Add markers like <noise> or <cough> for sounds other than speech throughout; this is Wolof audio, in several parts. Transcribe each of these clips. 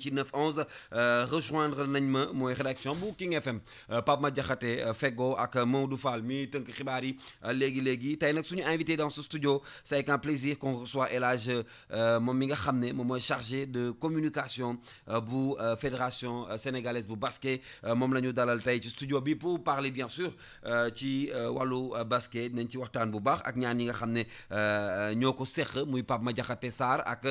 ci euh, rejoindre nañ ma moy rédaction bu King FM euh, Pape Ma euh, Fego ak Maodo Fall mi teunk xibaar yi légui légui tay nak suñu invité dans ce studio c'est un plaisir qu'on reçoit Et là je mi nga xamné ne moy chargé de communication bu fédération sénégalaise bu basket mom lañu dans dalal tay ci studio bi pour parler bien sûr ci walu basket nañ ci waxtaan bu baax ak ñaan yi nga xamné ñoko ñoo ko muy Pape Ma Sar ak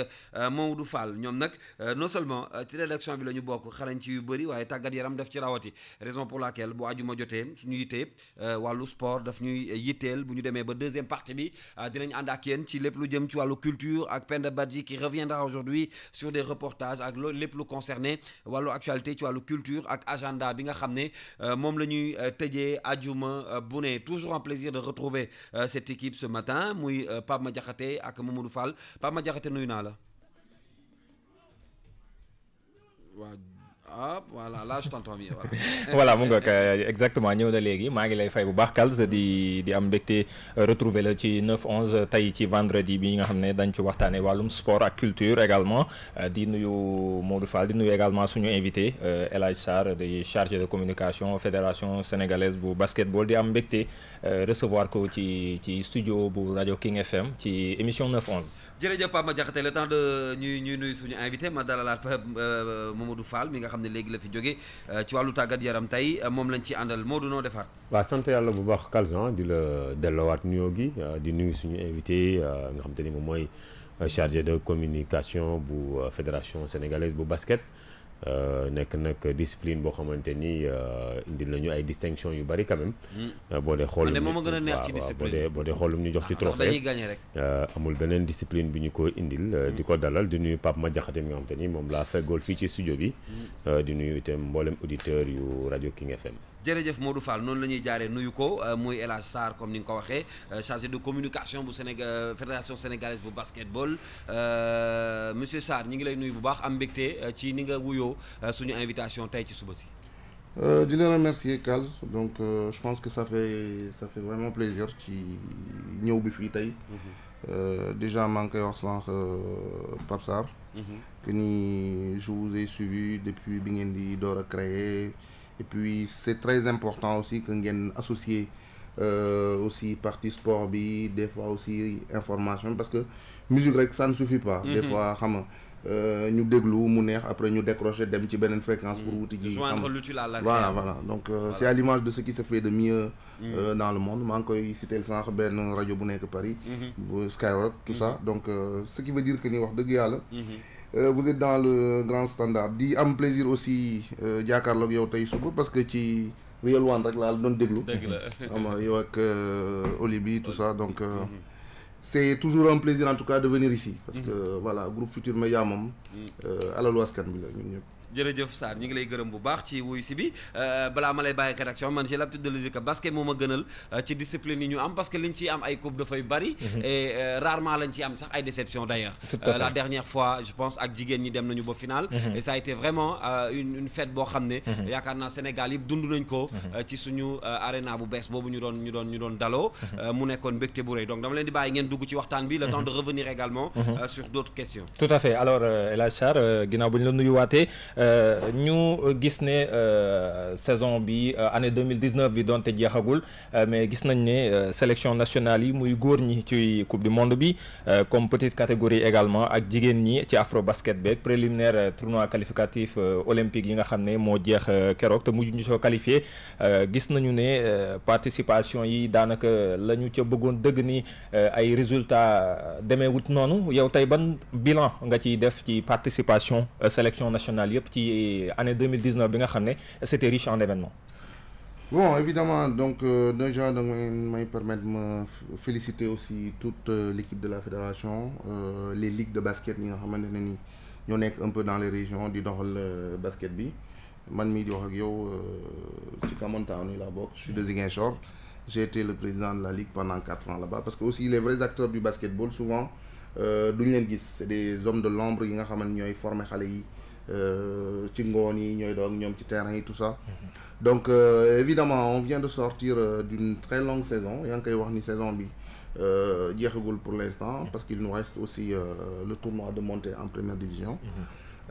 Maodo Fall ñom nak non seulement ci euh, rédaction bi lañu bokk xarañ ci yu bari waaye tàggat yaram daf ci rawati raison pour laquelle bu àjjuma jotee suñu yittee euh, wàllu sport daf ñuy yitteel bu ñu demee ba deuxième partie bi euh, dinañ ànd ak yéen ci lépp lu jëm ci wàllu culture ak Penda Badji qui reviendra aujourd'hui sur des reportages ak loolu lépp lu concerné wàllu actualité ci wàllu culture ak agenda bi nga xam ne moom la ñuy tëjee àjjuma bu ne toujours un plaisir de retrouver cette équipe ce matin muy Pape Madiakhaté ak Mamadou Fall Pape Madiakhaté nuyu naa la waaw ah, voilà là je t'entends bien voilà. <laughs> mon gars, euh, exactement ñëw na léegi maa ngi lay fay bu baax Kals di di am euh, retrouver 9 11 tey ci vendredi bi nga xam ne dañ ci waxtaanee le sport la culture également euh, di nuyu Modou di nuyu également suñu invité El Hadj Sarr chargé de communication fédération sénégalaise bu basketball di am mbégte recevoir ko ci ci studio bu Radio King FM ci émission 9 11 jërëjëf Pape Madiakhate le temps de ñuy ñuy nuyu suñu invité ma dalalaat euh, euh, Mamadou Fall mi nga xam ne léegi la fi jóge euh, ci wàllu tàggat yaram tey moom lañ ci àndal Modou noo defaat. waaw sant yàlla bu baax Kalsan di la delloowaat nuyoo gi di nuyu suñu invité nga xam te ni moom mooy chargé de communication bu fédération sénégalaise bu basket. Euh, nekk nag discipline boo xamante ni euh, indi nañu ay distinction yu bari quand hmm. euh, boo dee xool moom a gën a neex boo dee xool ñu jox ci ah, trophée dañuy gagné rek. amul beneen discipline bi ñu ko indil. di hmm. ko dalal di nuyu Pape Madiakhate mi nga xamante ni moom laa feggool fii ci studio bi. Hmm. di nuyu itam mbooleem auditeurs yu rajo King FM. jërëjëf Modou Fall non lañuy ñuy nuyu ko euh, muy El sar comme ni nga ko euh, chargé de communication bu Sénégal euh, fédération sénégalaise bu basketball monsieur Sar, ñi ngi lay nuyu bu baax am mbégte ci ni nga wuyo suñu invitation tay ci suba euh je le remercie Kals donc je pense que ça fait ça fait vraiment plaisir ci ñëw bi tay mm-hmm. euh, déjà maa ngi koy wax sànq Pape Sarr. Mm-hmm. que ni je vous ai suivi depuis bi ngeen di dora créer. Et puis c'est très important aussi qu'on ngeen associé euh, aussi partie sport des fois aussi information parce que musique rek ça ne suffit pas. des mhm. fois nous euh, ñu déglu après nous décrocher dem ci fréquence pour mhm. wuti ji voilà voilà donc euh, c'est à l'image de ce qui se fait de mieux mhm. euh, dans le monde Manque ici, koy cité sànq Radio Radio bu de Paris Skyrock tout ça donc ce qui veut dire que nous wax dëgg euh, vous êtes dans le grand standard di am plaisir aussi euh, jàkkaarloog yow tay suba parce que ci Real One rek la doon déglu. dëgg la <laughs> yow ak euh, Oli tout ça donc. Mm-hmm. c'est toujours un plaisir en tout cas de venir ici. parce mm-hmm. que voilà groupe Futur Media moom. Mm. alalu askan bi la ñun jërëjëf Sar ñu ngi lay gërëm bu baax ci wuy si bi euh, balaa ma lay bàyyi rédaction man j'ai l'habitude de le dire que basket moo ma gënal euh, ci discipline yi ñu am parce que liñ ciy am ay coupe dafay bari. Mhm. et euh, rarement lañ ciy am sax ay déception d'ailleurs la dernière fois je pense ak jigéen ñi dem nañu ba final. Mhm. et ça a été vraiment une une fête boo xam ne mhm. yaakaar naa Sénégal yëpp dund nañ ko ci suñu arena bu bees boobu ñu doon ñu doon ñu doon daloo mu nekkoon mbégte bu rëy donc dama leen di bàyyi ngeen dugg ci waxtaan bi le temps de revenir également sur d'autres questions tout à fait alors El Hadj Sarr ginnaaw bu ñu la nuyuwaatee euh, ñu gis ne euh, saison bi euh, année 2019 bi doonte jeexagul mais gis nañ sélection nationale yi muy goor ñi coupe du monde bi comme petite catégorie également ak jigen ñi ci afro basket bek préliminaire tournoi qualificatif olympique yi nga xamné mo moo jeex keroog te ñu so qualifier gis nañu né participation yi danaka lañu ñu ca bëggoon dëgg ni ay résultats démé wut nonu yow tay ban bilan nga ci def ci participation sélection nationale est année 2019 c'était riche en événements Bon, évidemment, donc euh, déjà, donc, me permettre de me féliciter aussi toute euh, l'équipe de la fédération, euh, les ligues de basket, nous sommes un peu dans les régions, du dans le basket. je suis de Ziguinchor. J'ai été le président de la ligue pendant 4 ans là-bas parce que aussi les vrais acteurs du basketball, souvent, euh, c'est des hommes de l'ombre qui sont formés. Euh, tout ça donc euh, évidemment on vient de sortir euh, d'une très longue saison Il y a wax saison bi pour l'instant mm-hmm. parce qu'il nous reste aussi le tournoi de montée en première division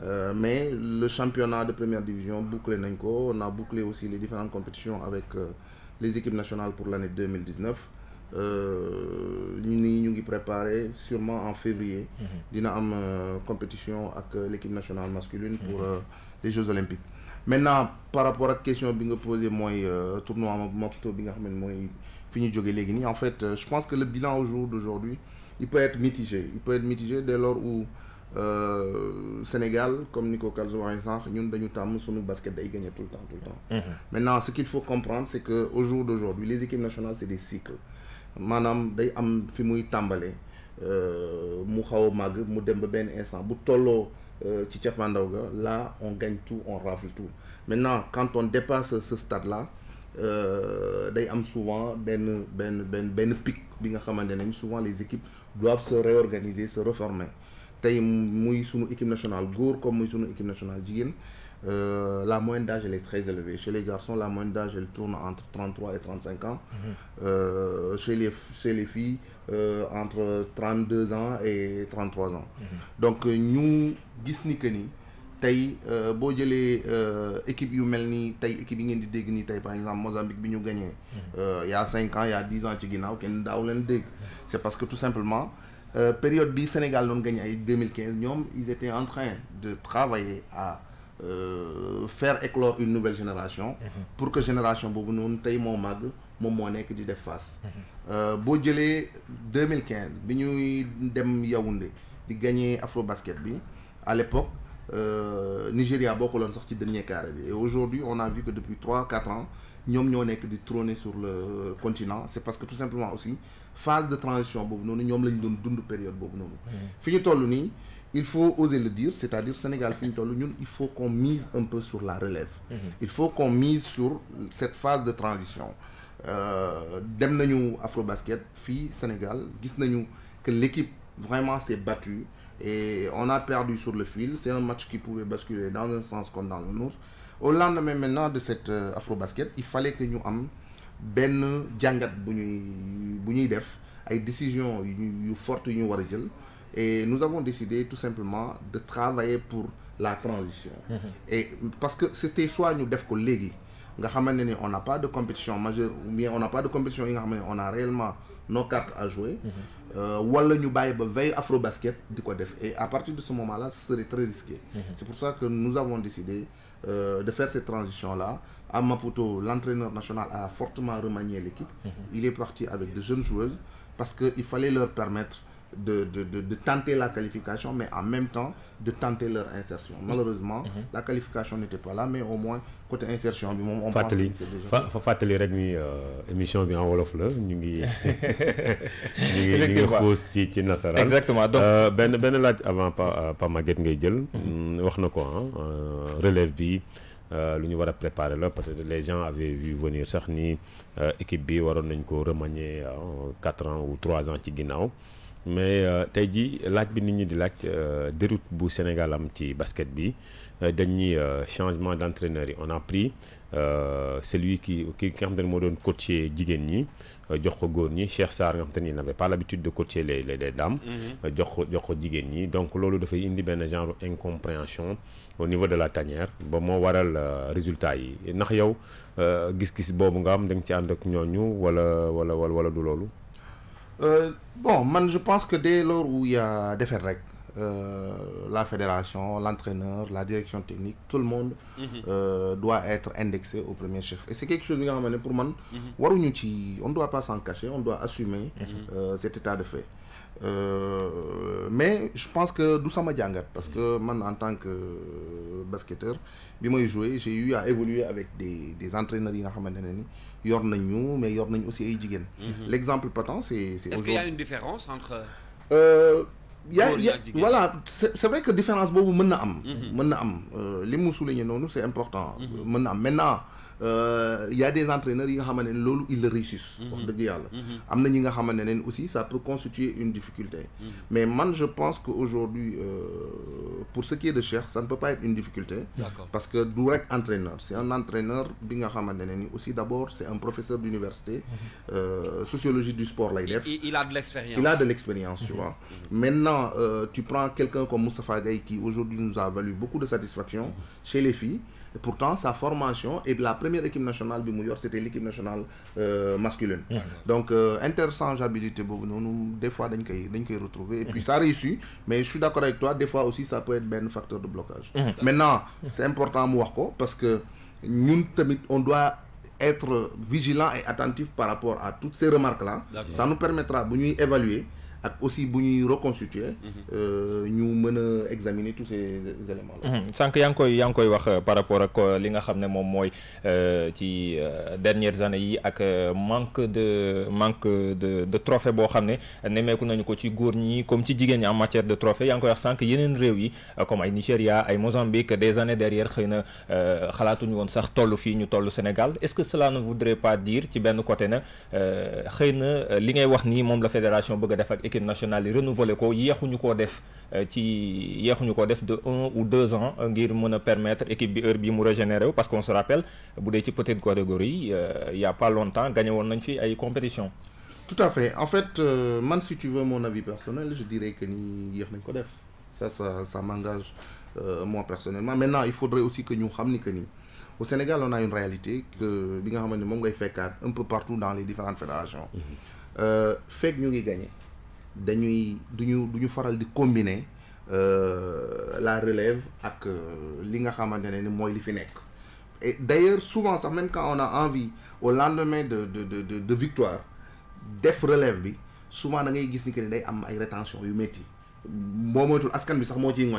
mm-hmm. mais le championnat de première division bouclé nañ on a bouclé aussi les différentes compétitions avec les équipes nationales pour l'année 2019 euh, nous nous sûrement en février. Mhm. dina euh, compétition avec euh, l'équipe nationale masculine. pour mhm. les Jeux olympiques. maintenant par rapport à la question bi nga tournoi Mokto bi nga en fait je pense que le bilan au jour d'aujourd'hui il peut être mitigé il peut être mitigé dès lors où Sénégal comme Nico Kalzo waxee basket tout le temps tout le temps. Mhm. maintenant ce qu'il faut comprendre c'est que au jour d'aujourd'hui les équipes nationales c'est des cycles manam day am fi muy euh mu xaw mag màgg mu dem ba ben instant bu tolo euh, ci cappaandaw ga là on gagne tout on rafle tout maintenant quand on dépasse ce stade là euh, day am souvent ben, ben, ben, ben pic bi nga xamante souvent les équipes doivent se réorganiser se reformer tay muy sunu équipe nationale góor comme muy sunu équipe nationale jigéen. Euh, la moyenne d'âge, elle est très élevée. Chez les garçons, la moyenne d'âge, elle tourne entre 33 et 35 ans. Mhm. Euh, chez, les, chez les filles, euh, entre 32 ans et 33 ans. Mhm. Donc, nous, Disney euh, bo euh, boo euh, équipe yu melni tay équipe ngeen di dégg ni tay par exemple Mozambique bi ñu mhm. euh, il y a 5 ans il y a 10 ans ci ginnaaw ken daaw leen dégg. parce que tout simplement euh, période bi Sénégal non gagné en 2015 ñom ils étaient en train de travailler à. Euh, faire éclore une nouvelle génération. Mhm. pour que génération bobu non tey mo mag moom mo nek di def face. Mhm. euh bo jélé 2015 dem Yaoundé di gagné afro basket bi à l'époque nigeria euh, Nigeria beaucoup sorti dernier carré et aujourd'hui on a vu que depuis trois quatre ans ñom ñoo que di trôner sur le continent c'est parce que tout simplement aussi phase de transition bobu non ñom lañ période il faut oser le dire, c'est-à-dire Sénégal il faut qu'on mise un peu sur la relève. Mhm. Il faut qu'on mise sur cette phase de transition. Euh, dem afro basket Fi, Sénégal gis que l'équipe vraiment s'est battue et on a perdu sur le fil c'est un match qui pouvait basculer dans un sens comme dans l'autre au lendemain maintenant de cette euh, basket il fallait que nous am Ben jangat def et nous avons décidé tout simplement de travailler pour la transition. Mhm. Et parce que c'était soit nous devons collègues, on n'a pas de compétition majeure ou bien on n'a pas de compétition, on a réellement nos cartes à jouer. Ou alors nous veille afro basket et à partir de ce moment-là, ce serait très risqué. Mhm. C'est pour ça que nous avons décidé euh, de faire cette transition-là. À Maputo, l'entraîneur national a fortement remanié l'équipe. Mhm. Il est parti avec de jeunes joueuses parce qu'il fallait leur permettre de, de, de, de, tenter la qualification, mais en même temps de tenter leur insertion. Malheureusement, mhm. la qualification n'était pas là, mais au moins, côté insertion, on Fatali. pense que c'est déjà... Fa fa euh, émission bien en Wolof, là, nous sommes Exactement. Donc... Euh, ben, ben avant, pas, euh, pas Maguette Ngedjel, on quoi, relève bi nous euh, devons préparer là parce que les gens avaient vu venir sax ni B bi waron nañ remanier 4 ans ou 3 ans ci mais euh, tey jii laaj bi nit ñi di laaj euh, déroute bu Sénégal am ci basket bi euh, dañuy changement d'entraîneur on a pris celui qui qui quand xam modone coacher jigen ñi jox ko goor ñi Cheikh sar nga xam n'avait pas l'habitude de coacher les les dames. Mhm. jox ko jox ko jigen ñi donc da fay indi ben genre incompréhension au niveau de la tanière ba mo waral résultat yi ndax yow gis-gis bobu nga am da ci and ak ñooñu wala wala wala du lolu euh, bon, man, je pense que dès lors où il y a des faits euh, la fédération, l'entraîneur, la direction technique, tout le monde mhm. euh, doit être indexé au premier chef. Et c'est quelque chose qui amené pour moi, mhm. on ne doit pas s'en cacher, on doit assumer mhm. cet état de fait. Euh, mais je pense que du sama parce que moi en tant que euh, basketteur bi joué j'ai eu à évoluer avec des des entraîneurs qui nga xamante mais yor aussi ay mhm. l'exemple patent c'est est-ce qu'il y a une différence entre. Euh, y a, voilà c'est vrai que la différence am. Mhm. c'est important. Mhm. maintenant il euh, y a des entraîneurs ils réussissent. Mhm. Mhm. aussi ça peut constituer une difficulté. Mhm. mais moi je pense qu'aujourd'hui euh, pour ce qui est de cher ça ne peut pas être une difficulté. parce que Dourek entraîneur c'est un entraîneur aussi d'abord c'est un professeur d'université. Euh, sociologie du sport là il a de l'expérience il a de l'expérience tu vois. maintenant tu prends quelqu'un comme Moussa Gaye qui aujourd'hui nous a valu beaucoup de satisfaction chez les filles. Et pourtant, sa formation et la première équipe nationale du New c'était l'équipe nationale euh, masculine. Donc, euh, interchangeabilité, nous, des fois, nous a retrouver. Et puis, ça réussit. Mais je suis d'accord avec toi, des fois aussi, ça peut être un facteur de blocage. Mmh. Maintenant, c'est important Mouako, parce que on doit être vigilant et attentif par rapport à toutes ces remarques-là. Ça nous permettra de nous évaluer ak aussi bu ñuy reconstituer mhm. euh, ñu mën examiner tous ces éléments là mhm. sànq yaa ngi koy yaa ngi wax euh, par rapport ak euh, li nga xam ne moom mooy ci dernières années yi ak manque de manque de de trophées boo xam ne nemmeeku nañu ko ci góor ñi comme ci jigéen ñi en matière de trophées yaa ngi koy wax sànq yeneen réew yi comme ay Nigéria ay Mozambique des années derrière xëy na xalaatuñu woon sax toll fii ñu toll Sénégal est-ce que cela ne voudrait pas dire ci benn côté na xëy na li ngay wax nii moom la fédération bëgg a def ak équipe nationale yi renouveler ko yeexuñu ko def euh, ci ko def de 1 ou 2 ans ngir mën permettre équipe bi heure bi mu régénérer parce qu'on se rappelle ci petite catégorie il euh, y a pas longtemps gagné y nañ fi ay compétition tout à fait en fait euh, man si tu veux mon avis personnel je dirais que ni sommes nañ ko def ça ça ça m'engage moi personnellement maintenant il faudrait aussi que nous xamni que ni au Sénégal on a une réalité que nous nga fait un peu partout dans les différentes fédérations Fait que nous avons gagné dañuy duñu duñu faral di combiner euh, la relève ak euh, li nga xamantene ni mooy li fi nekk et d'ailleurs souvent sax même quand on a envie au lendemain de de de de victoire def relève bi souvent da ngay gis ni que ni day am ay rétention yu métti moo askan bi sax moo ciy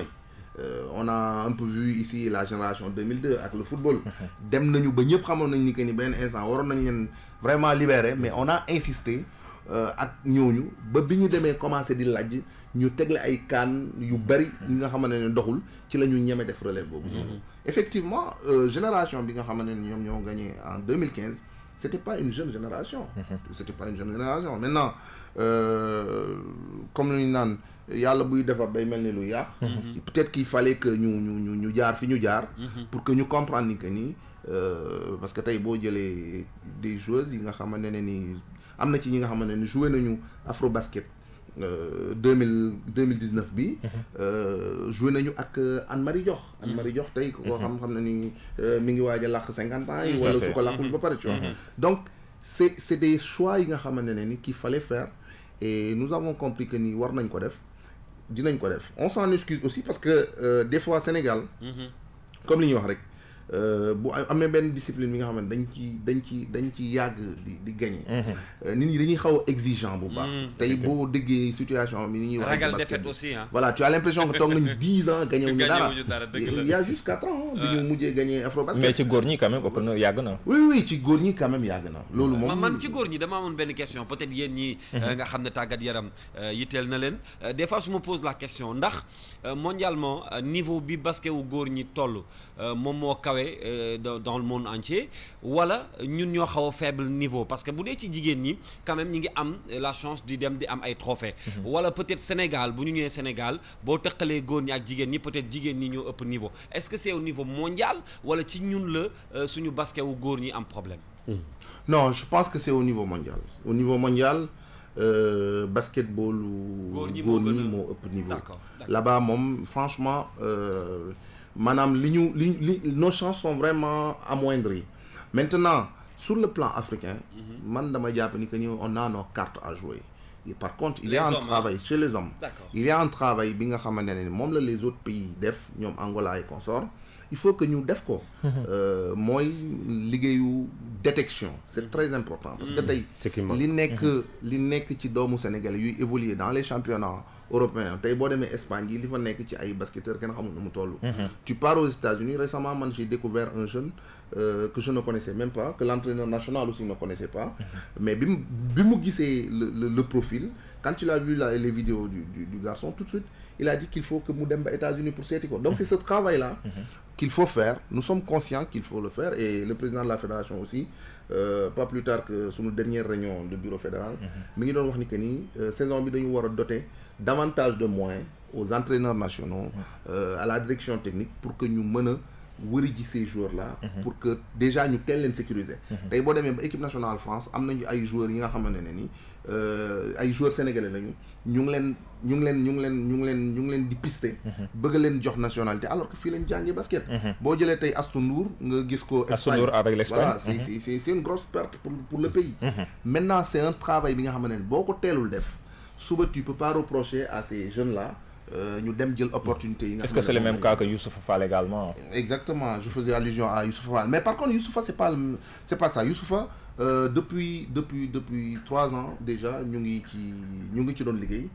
Euh, on a un peu vu ici la génération 2002 avec le football <laughs> dem nañu ba ñëpp xamoon nañ ni que ni benn instant waroon nañ leen vraiment libérer mais on a insisté euh, ak ñooñu ba bi ñu demee commencé di laaj ñu tegle ay kan yu bari yi nga xamante ne doxul ci la ñu ñeme def relève boobu. Mhm. effectivement euh, génération bi nga xamante ne ñoom ñoo gagné en 2015 c' était pas une jeune génération. Mhm. c' était pas une jeune génération maintenant euh, comme ni ñu naan yàlla buy defar day mel ni lu yaax. Mhm. peut être qu'il fallait que ñu ñu ñu jaar fi ñu jaar. pour que ñu comprendre ni que ni euh, parce que tey boo jëlee des joueuses yi nga xamante ne ni amna ci ñi nga xamante ne joué nañu afro basket euh mille deux mille mhm. euh, joué nañu ak euh, Anne Marie Diokh. Mhm. Anne Marie Diokh tay ko mhm. xam xam ne ni euh, mi ngi waaj a ans yi. wala su ko ba pare tu vois. donc c'est c'est des choix yi nga xamantene ni qu' fallait faire et nous avons compris que ni war nañ ko def dinañ ko def on s'en excuse aussi parce que des fois Sénégal. comme li ñu wax rek. Euh, bu amee benn discipline bi nga xamante dañ ci dañ ci dañ ci yàgg di di gagné. Mhm. Euh, nit ñi dañuy xaw exigeant bu baax. Mhm. tey boo déggee situation bi ni ñuy wax. ragal défaite aussi ah. voilà tu as l' impression que toog nañ <laughs> dix ans gagné wu ñu dara il y a juste 4 ans. bi ñu mujjee gagné basket. mais ci góor ñi quand même ëpp na yàgg na. oui oui ci góor ñi quand même yàgg na. loolu moom man ci góor ñi dama amoon benn question peut être yéen ñi mhm. euh, nga xam ne tàggat yaram yitteel na leen des fois su ma pose la question ndax. Euh, mondialement euh, niveau bi basket wu góor ñi toll euh, moom moo kawe dans le monde entier wala ñun ñoo xaw faible niveau parce que bu dee ci jigen ni quand même ñi ngi am la chance di dem di am ay trophées mhm. wala peut-être Sénégal bu ñu Sénégal votre tekkalé góor ñi ak jigen ni peut-être jigen ni ñoo ëpp niveau est-ce que c'est au niveau mondial wala ci ñun n'est suñu basket wu góor ñi am problème hmm. non je pense que c'est au niveau mondial au niveau mondial euh, basketball ou au niveau là-bas franchement euh, madame li nos chances sont vraiment amoindries maintenant sur le plan africain mhm. on a nos cartes à jouer et par contre il y a un hein. travail chez les hommes il y a un travail les autres pays def Angola et consorts il faut que nous def ko. Mhm. Euh, détection c'est très important. parce que les mhm. li nekk mhm. li au Sénégal yuy évoluer dans les championnats européens Espagne tu pars aux États-Unis récemment j'ai découvert un jeune euh, que je ne connaissais même pas que l'entraîneur national aussi ne connaissait pas. mais bi mu le profil. quand tu l'as vu les vidéos du, garçon, tout de suite, il a dit qu'il faut que Moudemba États-Unis pour cette école. Donc c'est ce travail-là qu'il faut faire. Nous sommes conscients qu'il faut le faire et le président de la fédération aussi, euh, pas plus tard que sur nos dernières réunions de bureau fédéral, mais mhm. euh, il a dit que saison doter davantage de moyens aux entraîneurs nationaux, mhm. euh, à la direction technique pour que nous menions wëriji ces joueurs là mhm. pour que déjà nous teel sécuriser Et l'équipe équipe nationale France amna à ay joueurs yi nga ennemi. Euh, ay joueurs sénégalais lañu ñu ngi leen ñu ngi leen ñu ngi leen ñu ngi ñu ngi di mhm. bëgg leen jox nationalité alors que fii leen jàngee basket. Mhm. boo jëlee tey Astou Ndour nga gis ko. Espagne avec l'Espagne voilà mhm. c'est c'est c'est une grosse perte pour le pays. maintenant c'est un travail bi nga xam ne boo ko teelul def suba tu peux pas reprocher à ces jeunes là. Euh, ñu dem jël opportunité yi nga. est-ce que c'est le même cas que Youssoupha Fall également. exactement je faisais allusion à Youssoupha Fall mais par contre Youssoupha c'est pas c'est pas ça Youssoupha. Euh, depuis depuis depuis trois ans déjà ñu ngi ci ñu ngi ci doon liggéey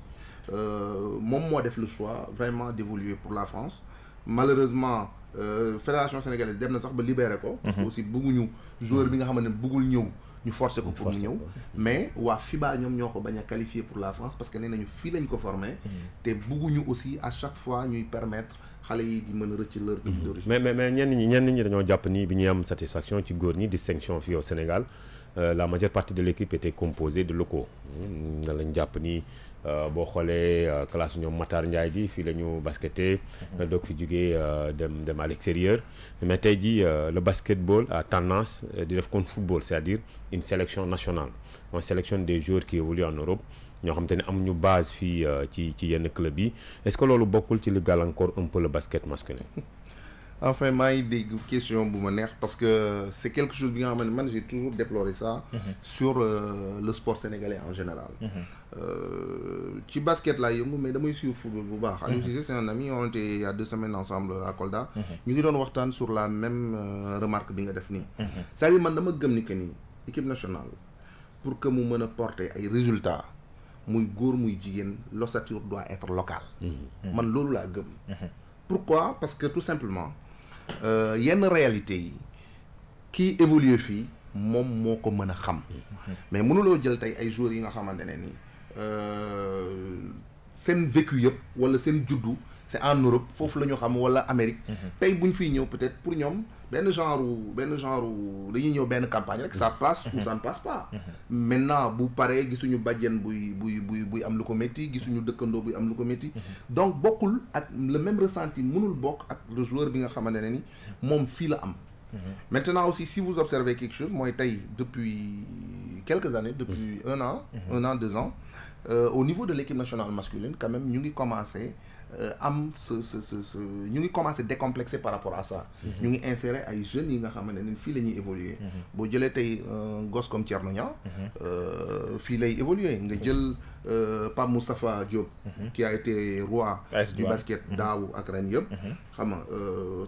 euh, moom moo def le choix vraiment d'évoluer pour la France malheureusement euh, fédération sénégalaise dem na sax ba libéré ko. parce que mhm. aussi bëgguñu joueur bi nga xamante ne bëggul ñëw ñu forcer ko pour mu ñëw. Mhm. mais wa FIBA ñoom ñoo ko bañ a pour la France parce que nee nañu fii lañ ko formé. Mhm. te bëgguñu aussi à chaque fois ñuy permettre. Mhm. mais mais mais ni satisfaction ci goor distinction au Sénégal euh, la majeure partie de l'équipe était composée de locaux hmm, Nous lañ japp ni euh, bo xolé euh, classe ñom Matar Ndiaye bi fi lañu donc fi jugee dem à l'extérieur mais tay jii le basketball a tendance de def contre football c'est-à-dire une sélection nationale on sélectionne des joueurs qui évoluent en Europe ñoo xam une amuñu base fii euh, ci ci yenn club est-ce que loolu bokkul ci li un peu le basket masculin. <laughs> enfin maa ngi dégg question bu neex parce que c'est quelque chose bi man j'ai toujours déploré ça. Mm-hmm. sur euh, le sport sénégalais en général. Mm-hmm. Euh, ci basket laa yëngu mais damay suivre football bu baax. Mm-hmm. c'est un ami on était il y a deux semaines ensemble à Kolda. ñu ngi doon waxtaan sur la même remarque bi nga def nii. c'est-à-dire man dama gëm ni que ni équipe nationale pour que mu mën porter ay résultats muy góor muy jigéen l'ossature doit être locale mm-hmm. Mm-hmm. man lolou la gëm mm-hmm. pourquoi parce que tout simplement euh, yenn réalité yi évolue évoluer fi mom moko ko a xam mais lo jël tay ay joueurs yi nga xamantene ni euh sen vécu yëpp wala sen juddu c'est en Europe foofu lañu xam wala Amérique tey bu ñu peut-être pour ñom ben genre ben genre dañuy réunion ben campagne que ça passe ou ça ne passe pas maintenant pareil, ils gisuñu badien buy buy buy buy am qui ko sont gisuñu dëkkandoo buy am lu donc beaucoup le même ressenti mënul bok ak le joueur bi nga xamante ne ni moom am maintenant aussi si vous observez quelque chose moi tey depuis quelques années depuis un an un an deux ans euh, au niveau de l'équipe nationale masculine quand même nous avons commencé euh, am ce commencé à décomplexer par rapport à ça. Mhm. ñu ngi insérer ay jeunes yi nga xamné évoluer. fi lañuy ñuy un garçon comme tey euh, gosse comme Thierno mhm. euh fi lay évoluer nga jël euh, Pape Moustapha Diop. Mhm. qui a été roi. du basket à ak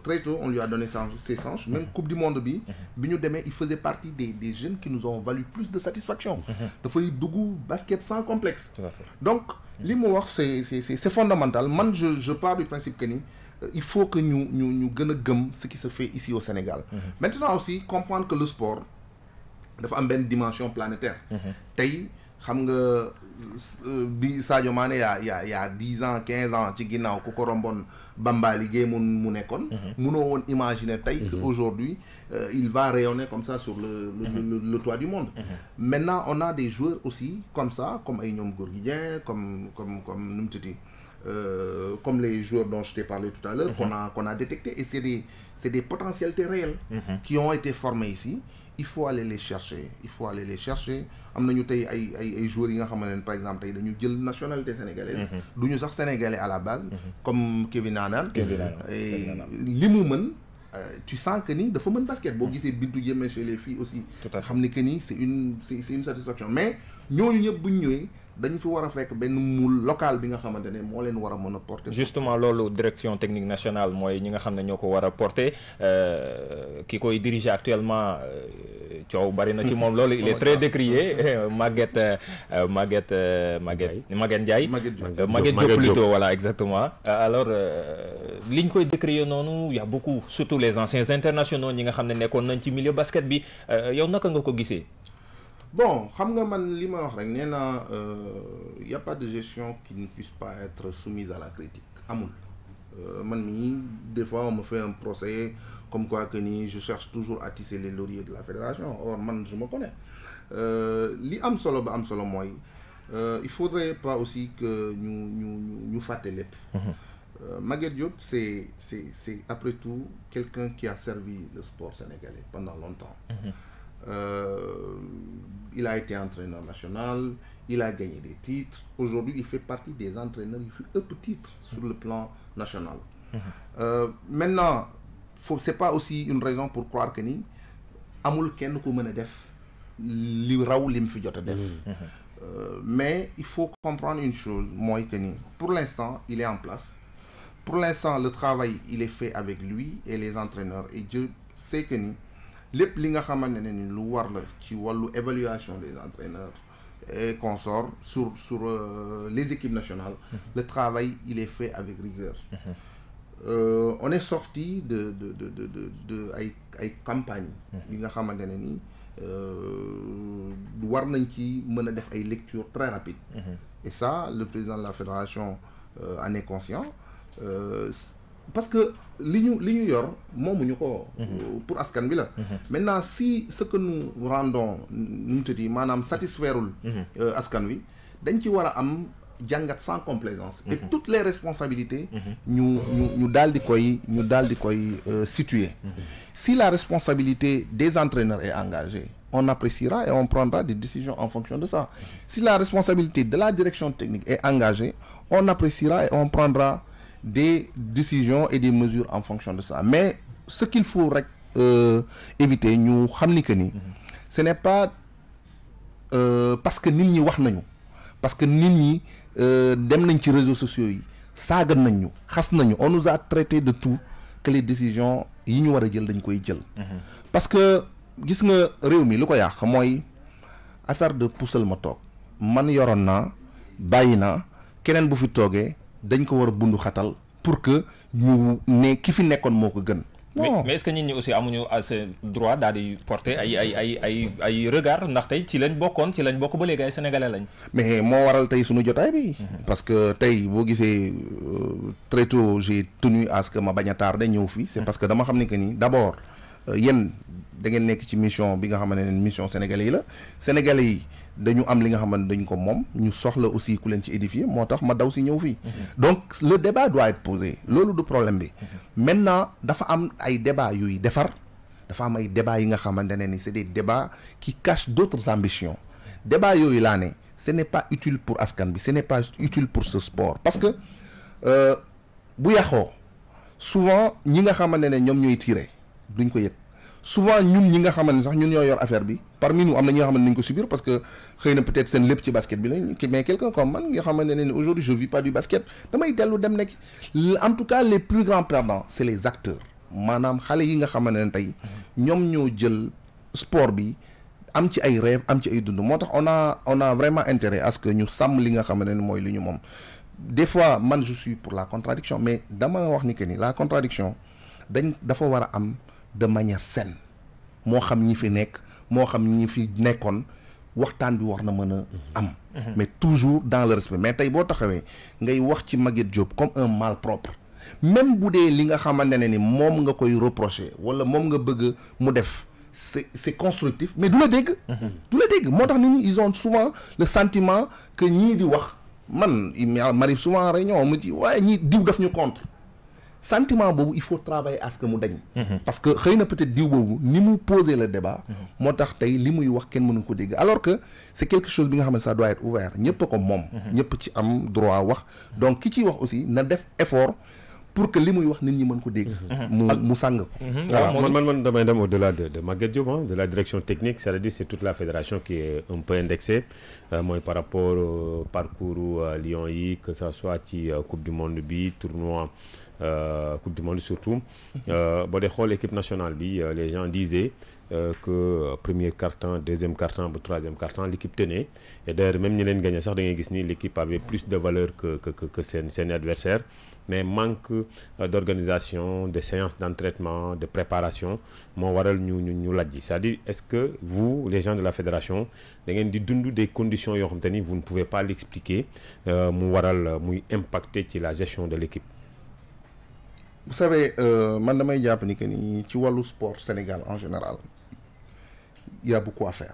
très tôt on lui a donné ses chances même coupe du monde bi. biñu il faisait partie des jeunes qui nous ont valu plus de satisfaction. fay du basket sans complexe. donc c'est c'est fondamental je parle du principe que euh, il faut que nous nous ce qui se fait ici au Sénégal mhm. maintenant aussi comprendre que le sport a une dimension planétaire mhm il nga euh, bi Sadio Mané ya ya ans 15 ans ci ginnaw ku Bambali mu mhm. imaginer que mhm. aujourd'hui euh, il va rayonner comme ça sur le le mhm. toit du monde maintenant on a des joueurs aussi comme ça comme ay comme comme comme euh, comme les joueurs dont je t'ai parlé tout à l'heure, qu'on a, qu'on a détectés. Et c'est des, des potentialités réelles qui ont été formées ici il faut aller les chercher il faut aller les chercher am nañu tey ay ay ay joueurs yi nga xamné par exemple tay dañu jël nationalité sénégalaise. Mm-hmm. duñu sax sénégalais à la base. Mm-hmm. comme Kevin Anan li mën. Euh, tu sens que ni dafa mën basket bo gisee Bintu Diémé chez les filles aussi. xamné que ni c'est une c'est une satisfaction mais ñooñu ñëpp buñ ñu dañu fi war a fekk benn moule local bi nga xamante ne moo leen war a mën a porter. justement loolu direction technique nationale mooy ñi nga xam ne ñoo ko war a porter euh, ki koy diriger actuellement euh, coow bari na ci moom loolu il est très décrié <laughs> Maguette euh, Maguette Maguette Maguette Ndiaye Maguette Diop plutôt voilà exactement alors liñ ñu koy décrié noonu y a beaucoup surtout les anciens internationaux ñi nga xam ne nekkoon nañ ci milieu basket bi yow naka nga ko gisee bon xam nga euh, a pas de gestion qui ne puisse pas être soumise à la critique euh, des fois on me fait un procès comme quoi que ni je cherche toujours à tisser les lauriers de la fédération or man je me connais euh, li am solo ba am solo il faudrait pas aussi que nous ñu ñu fàtte mhm. Diop c'est c'est c'est après tout quelqu'un qui a servi le sport sénégalais pendant longtemps. Mhm. Euh, il a été entraîneur national, il a gagné des titres. Aujourd'hui, il fait partie des entraîneurs, il fait petit titre sur le plan national. Mhm. Euh, maintenant, ce n'est pas aussi une raison pour croire que ni amul Ken ko de def mhm. euh, Mais il faut comprendre une chose, moi que pour l'instant, il est en place. Pour l'instant, le travail, il est fait avec lui et les entraîneurs. Et Dieu sait que ni les li nga ni des entraîneurs et consorts sur euh, les équipes nationales mhm. le travail il est fait avec rigueur mhm. euh, on est sorti de de campagne li mhm. nga euh, lecture très rapide et ça le président de la fédération en est conscient parce que l'union yor mhm. pour askan mhm. maintenant si ce que nous rendons nous te dis, nous satisfairul mhm. euh, askan wi dañ ci wara sans complaisance. et toutes les responsabilités. nous nous dal di koy euh, situer. si la responsabilité des entraîneurs est engagée. on appréciera et on prendra des décisions en fonction de ça. Si la responsabilité de la direction technique est engagée, on appréciera et on prendra des décisions et des mesures en fonction de ça. Mais ce qu'il faut euh, éviter, nous savons ce n'est pas euh, parce que nous parlons, parce que nous sommes sur les réseaux sociaux, nous on nous a traité de tout, que les décisions yi ñu parce que gis nga affaire de Je ma moteur, man bayina, dañ ko war a bundu xatal pour que ñu ne ki fi nekkoon moo ko gën. mais mais que nit ñi aussi amuñu seen droit daal di porter ay ay ay ay ay regard ndax tey ci lañ bokkoon ci lañ bokk ba léegi ay sénégalais lañ. mais moo waral tey suñu jotaay bi. Mhm. parce que tey boo gisee euh, très tôt j'ai tenu à ce que ma bañ a tardé ñëw fii. c'est mhm. parce que dama xam ne que ni d'abord euh, yéen da ngeen nekk ci mission bi nga xamante ne mission sénégalais yi la sénégalais yi. dañu am li nga xamante dañ ko moom ñu soxla aussi ku leen ci édifier moo tax ma daw si ñëw fii mhm. donc le débat doit être posé loolu du problème bi mhm. maintenant dafa am ay débat yuy defar dafa am ay débat yi nga xamante ne ni c'est des débats qui cachent d'autres ambitions débat yooyu laa ne ce n'est pas utile pour askan bi ce n'est pas utile pour ce sport parce que euh, bu yàqoo souvent ñi nga xamante ne ñoom ñooy duñ ko souvent ñun ñi nga xamante sax ñun ñoo yor affaire bi parmi nous amna ñi nga xamante nañ ko subir parce que xeyna peut-être sen lepp ci basket bi lañ mais quelqu'un comme man nga xamante né aujourd'hui je vis pas du basket damay delu dem nek en tout cas les plus grands perdants c'est les acteurs manam xalé yi nga xamante tay ñom ñoom ñoo jël sport bi am ci ay rêve am ci ay dund motax on a on a vraiment intérêt à ce que ñu sam li nga xamante moy mooy li ñu des fois man je suis pour la contradiction mais dama wax ni que ni la contradiction dañ dafa wara am de manière saine je sais ñi fi suis. Moi, je sais fi je suis. bi am mhm. mais toujours dans le respect mais tey sais, ngay Maguette comme un propre. même si nga ni reprocher wala nga c'est constructif mais tu la mhm. ils ont souvent le sentiment que ni di man il m'arrive souvent réunion mu me dit « diw sentiment bobu il faut travailler à ce que mu dañ mhm. parce que xeyna na peut-être diw bobu ni mu poser le débat mhm. motax tay tey li wax ken mënu ko dégg alors que c'est quelque chose bi nga xam ça doit être ouvert ñepp ko mom mhm. ñepp ci am droit wax donc ki ci wax aussi na def effort pour que les gens au delà de la direction technique c'est-à-dire c'est toute la fédération qui est un peu indexée euh, moi par rapport au parcours euh, lyon y que ça soit euh, coupe du monde bi tournoi. coupe du Monde surtout. Mhm. l'équipe nationale, les gens disaient que premier carton, deuxième carton, troisième carton, l'équipe tenait. Et d'ailleurs, même si ni l'équipe avait plus de valeur que, que, ses adversaires mais manque euh, d'organisation de séances d'entraînement de préparation Mon waral ñu ñu c'est-à-dire est-ce que vous les gens de la fédération des conditions et vous ne pouvez pas l'expliquer euh, mu waral euh, muy impacté la gestion de l'équipe vous savez man damay ya ni que ni sport Sénégal en général il y a beaucoup à faire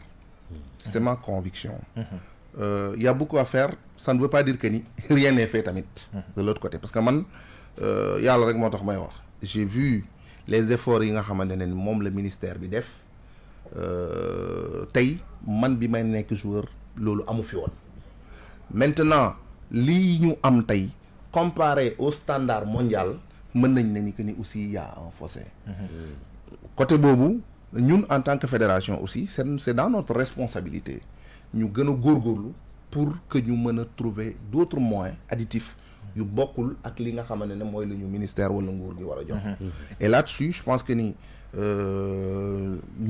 hmm. c'est ma conviction hmm. il y a beaucoup à faire ça ne veut pas dire que <laughs> rien n'est fait tamit de l'autre côté parce que moi il euh, rek a j'ai vu les efforts que nga ministère bi def euh, tey man bi may nekk joueur amu fi ce maintenant nous ñu am comparé au standard mondial nous nañ ne aussi y un fossé côté Bobo, nous en tant que fédération aussi c'est dans notre responsabilité nous gën nous pour que nous mën trouver d'autres moyens additifs yu beaucoup ak li nga le ne le ministère wala nguur gi mhm. et là-dessus je pense que ni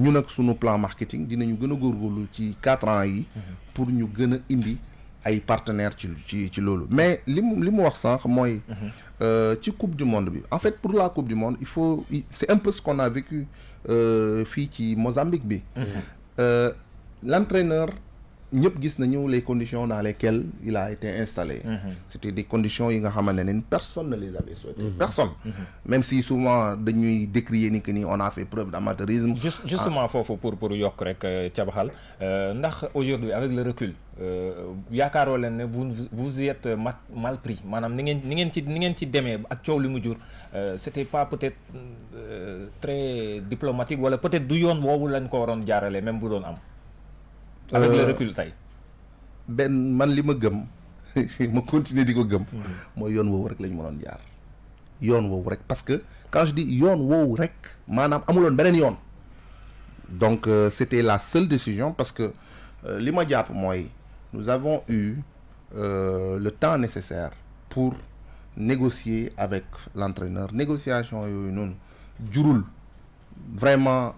nous nag nos plan marketing dinañu gën a 4 ci quatre ans mhm. pour ñu gën a indi ay partenaires ci ci mais li mu li mu wax sànq mhm. euh, coupe du monde en fait pour la coupe du monde il faut c'est un peu ce qu'on a vécu euh, fille ci Mozambique bi euh, l'entraîneur ñëpp gis nañu les conditions dans lesquelles il a été installé. Mhm. c'était des conditions yi nga xamante ne personne ne les avait souhaitées. Mhm. personne. Mhm. même si souvent dañuy décrier ni que ni on a fait preuve d'amateurisme. justement foofu pour pour yok rek euh, euh ndax aujourd'hui avec le recul euh yaakaaroo len ne vous vous êtes mal pris maanaam ni ngeen ni ngeen ci ni ngeen ci demee ak coow li mu jur euh, c'était pas peut-être euh, très diplomatique wala peut-être du yoon woowu lañ ko waron jaralé même bu doon am avec le euh, recul de taille. Ben, man li ma gëm <laughs> ma continuer diko gëm. moy yoon rek parce que quand je dis yoon woowu rek manam amuloon benen yoon. donc euh, c'était la seule décision parce que euh, nous avons eu le temps nécessaire pour négocier avec l'entraîneur négociation yooyu noonu vraiment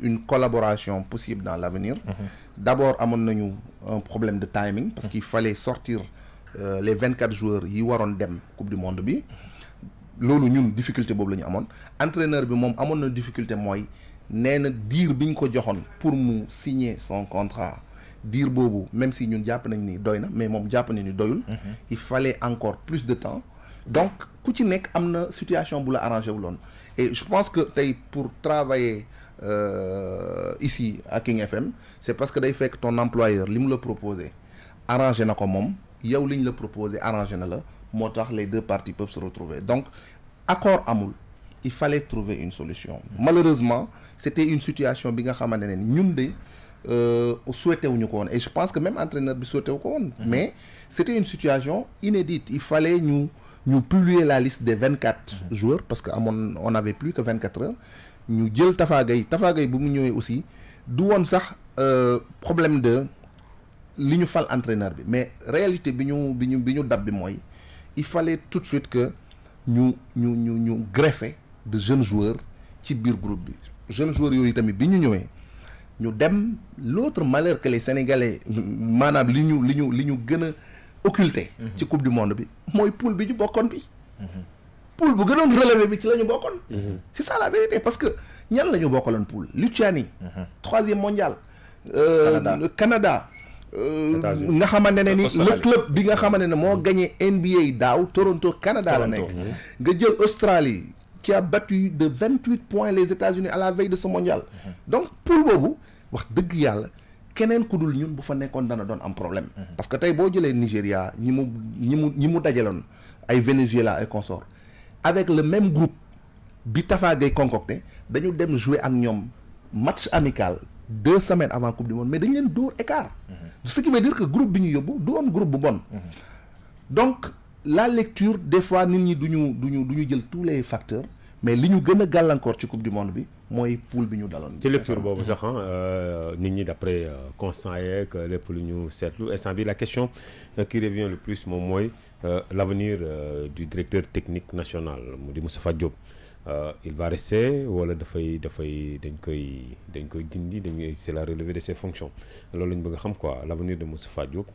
une collaboration possible dans l'avenir. Mm-hmm d'abord amon nañu un problème de timing parce qu'il fallait sortir euh, les 24 joueurs yi la dem coupe du monde bi lolu ñun difficulté bobu lañu amon entraîneur bi mom amon na difficulté moy néna dire pour mu signer son contrat dire bobu même si nous japp nañ ni mais mom japp nañ mhm. il fallait encore plus de temps. donc ku ci une situation bu la arranger et je pense que pour travailler. Euh, ici à King FM c'est parce que fait que ton employeur lui me le proposé Arrangez na ko il yow le la proposé na la les deux parties peuvent se retrouver donc accord Amoul il fallait trouver une solution malheureusement c'était une situation bi nga un euh, et je pense que même entraîneur souhaitait souhaité mhm. mais c'était une situation inédite il fallait nous nous publier la liste des 24 mhm. joueurs parce qu'on n'avait avait plus que 24 heures ñu jël Tafa Gueye Tafa Gueye bu mu aussi du woon sax euh, problème de li ñu fal entraîneur bi mais réalité bi ñu bi ñu bi dab bi mooy il fallait tout de suite que ñu ñu ñu ñu greffé de jeunes joueurs ci biir groupe bi jeunes joueurs yooyu tamit bi ñu ñëwee ñu dem l'autre malheur que les sénégalais manab li ñu li ñu li ñu gën a occulté mhm. ci coupe du monde bi mooy poule bi ñu bokkoon bi mhm poule bu gënoon relevé bi ci lañu ñu mhm. c'est ça la vérité parce que ñan lañu ñu bokkaloon poule Lituanie. Mhm. troisième mondial. Canada euh, Canada. Euh, nga xamantene ni le club bi nga xamantene ne moo mhm. gagné NBA daw Toronto Canada la nekk. nga jël Australie. qui a battu de 28 points les États-Unis à la veille de ce mondial. donc poule boobu wax dëgg yàlla. keneen ku dul ñun bu fa nekkoon dana doon am problème. parce que tey boo jëlee nigeria ñi mu ñi mu ñi mu dajaloon ay Venezuela ay consort avec le même groupe Bitafa concocté dañu dem jouer un match amical deux semaines avant coupe du monde mais dañu un écart mhm. ce qui veut dire que groupe bi ñu groupe bon mhm. donc la lecture des fois nous ñi tous les facteurs mais ce ñu nous gagne encore ci coupe du monde moy pool bi ñu daloon. ci lecture bobu sax hein, euh, nit ñi d'après euh, après que yeeg euh, ñu instant bi la question qui revient le plus mon mooy l'avenir du directeur technique national mu di Moustapha Diop. il va rester wala da fay dañ koy dañ koy dindi dañuy c'est la relevée de ses fonctions lolu lañ bëgg xam quoi l'avenir de Moustapha Diop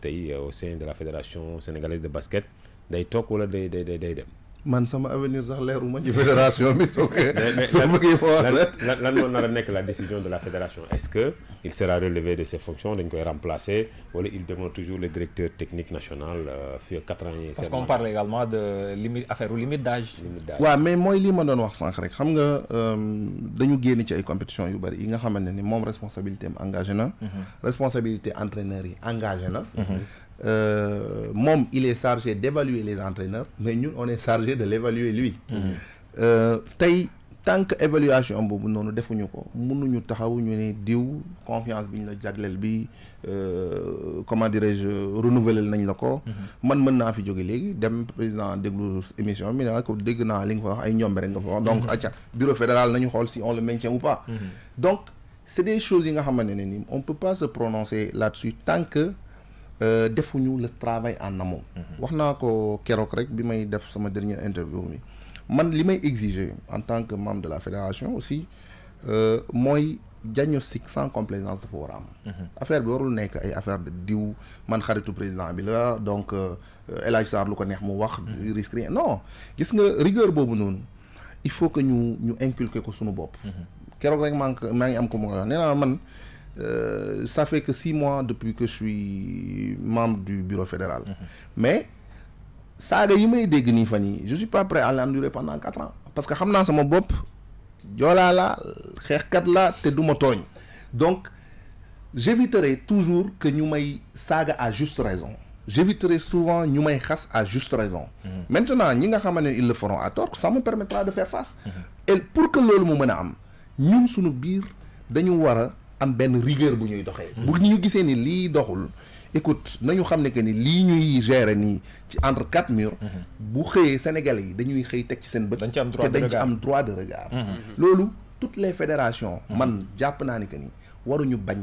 tay au sein de la fédération sénégalaise de basket day tok wala day day day dem man sama avenir sax leeruma ci fédération la Fédération, mais <laughs> lan lan moo Là, nous avons la décision de la fédération est-ce que il sera relevé de ses fonctions remplacé koy remplacer wala il demeure toujours le directeur technique national euh, fii ak quatre ans parce qu'on parle également de limite affaire limite d'âge. Oui, mais moi li ma doon wax sank rek xam nga euh, dañu génn ci ay compétitions yu bari yi nga responsabilité am engagé na. Mhm. responsabilité entraîneur yi engagé na. Mhm euh, il est chargé d'évaluer les entraîneurs mais nous on est chargé de l'évaluer lui mhm. euh, tant qu'évaluation nous ne noonu defuñu ko nous ne ñu ne diw confiance bi la jagleel euh, comment dirais-je renouveler le la ko. Mhm. man suis venu fi jóge président déglu émission je ne ko dégg naa fa donc le mhm. bureau fédéral nañu si on le maintient ou pas. donc c'est des choses yi ne on peut pas se prononcer là-dessus tant que. Euh, defuñu le travail en amont. Mhm. waxna ko kérok rek bi may def sama dernière interview mi man limay exiger en tant que membre de la fédération aussi euh, moy diagnostic sans complaisance de war mhm. affaire bi warul nek ay affaire de diw man xaritou président bi la donc euh, El sar lu ko neex mu wax. Mhm. risque rien non gis nga rigueur bobu non il faut que ñu ñu inculquer ko sunu bop kérok rek maa ngi ngi am ko mu wax man. Euh, ça fait que six mois depuis que je suis membre du bureau fédéral. Mhm. Mais ça a des dégni fani. Je suis pas prêt à l'endurer pendant quatre ans parce que xamna mon bop jola la xexkat la té duma togn. Donc j'éviterai toujours que nous ayons saga à juste raison. J'éviterai souvent nous ayons ça à juste raison. Mhm. Maintenant ñi nga xamné ils le feront à tort, ça me permettra de faire face. Mhm. Et pour que lolu mu nous, am, ñun suñu bir dañu am benn rigueur bu ñuy doxee. Hmm. bu ñu gisee ni lii doxul. écoute nañu xam ne que ni lii ñuy gérer nii ci entre quatre murs. Hmm. bu xëyee Sénégalais yi dañuy xëy teg ci seen bët. dañ ci am droit de regard te dañ ci am droit de regard. Hmm. loolu toutes les fédérations. man jàpp naa ne que ni waruñu bañ.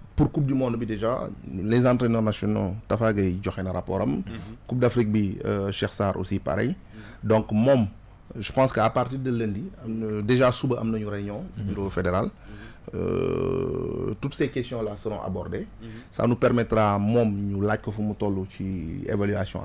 pour coupe du monde déjà les entraîneurs nationaux Tafa ils un rapport mhm. coupe d'Afrique euh, aussi pareil. Mhm. donc je pense qu'à partir de lundi déjà sous une réunion. Mhm. bureau fédéral. Euh, toutes ces questions là seront abordées. ça nous permettra mom, ñu évaluation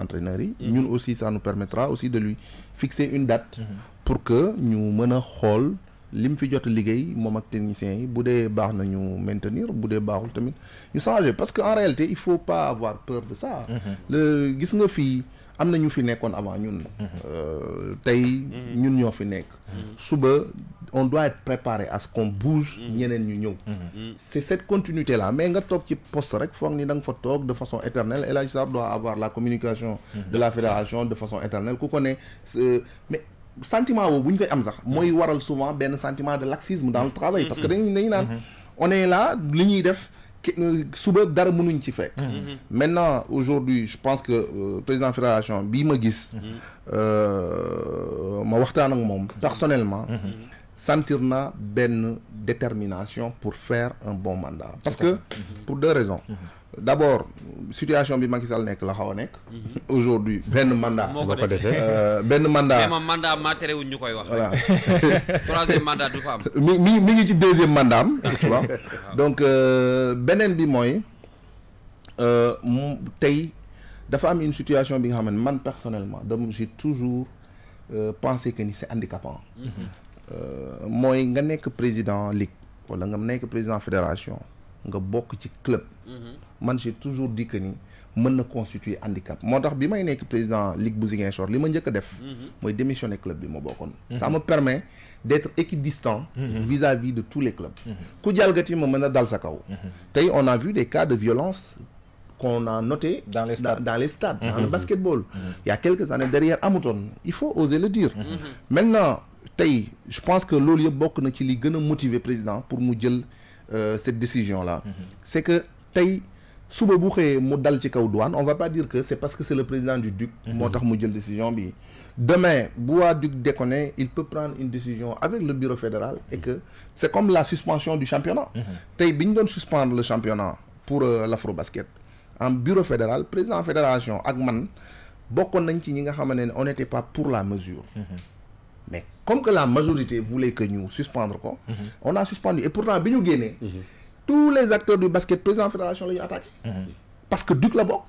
aussi ça nous permettra aussi de lui fixer une date. pour que nous menions un lim fi jot liggéey moom ak technicien yi bu dee baax na ñu maintenir bu dee baaxul tamit ñu changer parce que en réalité il faut pas avoir peur de ça. Mhm. le gis nga fii am na ñu fi nekkoon avant ñun. Mhm. Euh, tey mhm. ñun ñoo fi nekk. suba on doit être préparé à ce qu'on bouge. ñeneen ñu ñëw. c'est cette continuité là mais nga toog ci poste rek foog ni da nga fa toog de façon éternelle El Hadj Sarr doit avoir la communication. de la fédération de façon éternelle ku ko ne mais sentiment boobu buñ koy am sax moy waral souvent ben sentiment de laxisme dans le travail parce que dañu là, on est là li ñuy def suba dara mënuñ ci maintenant aujourd'hui je pense que euh, président fédération la ma gis euh, ma waxtaan ak mom personnellement sentir na ben détermination pour faire un bon mandat parce que pour deux raisons d'abord situation bi Macky Sall nekk la xaw nek mhm. aujourd'hui Ben mandat. moo ko euh ben mandat. mais mandat maa terewuñ ñu wax. voilà <laughs> troisième mandat du fa am. mi mi ngi ci deuxième mandat ah. tu vois <laughs> ah. donc euh, benen bi moy euh tay dafa am une situation bi nga xam man personnellement dama j'ai toujours euh, pensé que ni handicapant. moy mhm. euh, nga Nek président ligue wala nga Nek président fédération nga bok ci club. Mhm man j'ai toujours dit que ni constitue pas constituer handicap Je suis bi may nekk président ligue bu Ziguinchor li ma que def mhm. démissionner club bi mhm. ça me permet d'être équidistant mhm. vis-à-vis de tous les clubs ku jalgati ma dans le dal on a vu des cas de violence qu'on a noté dans les stades, dans, le basketball. Il y a quelques années derrière Hamilton. Il faut oser le dire. Maintenant, je pense que le lieu na ci li président pour mu euh, cette décision là. C'est que suba bu on va pas dire que c'est parce que c'est le président du DUC qui a la décision bi demain si DUC déconne il peut prendre une décision avec le bureau fédéral et que c'est comme la suspension du championnat mhm. Tay on suspendre le championnat pour euh, l'afro-basket, en bureau fédéral président fédération la fédération, on n'était pas pour la mesure mhm. mais comme que la majorité voulait que nous suspendre mhm. on a suspendu et pourtant bi ñu tous les acteurs du basket président fédération la l'ont attaqué. Mhm. parce que du la Bok,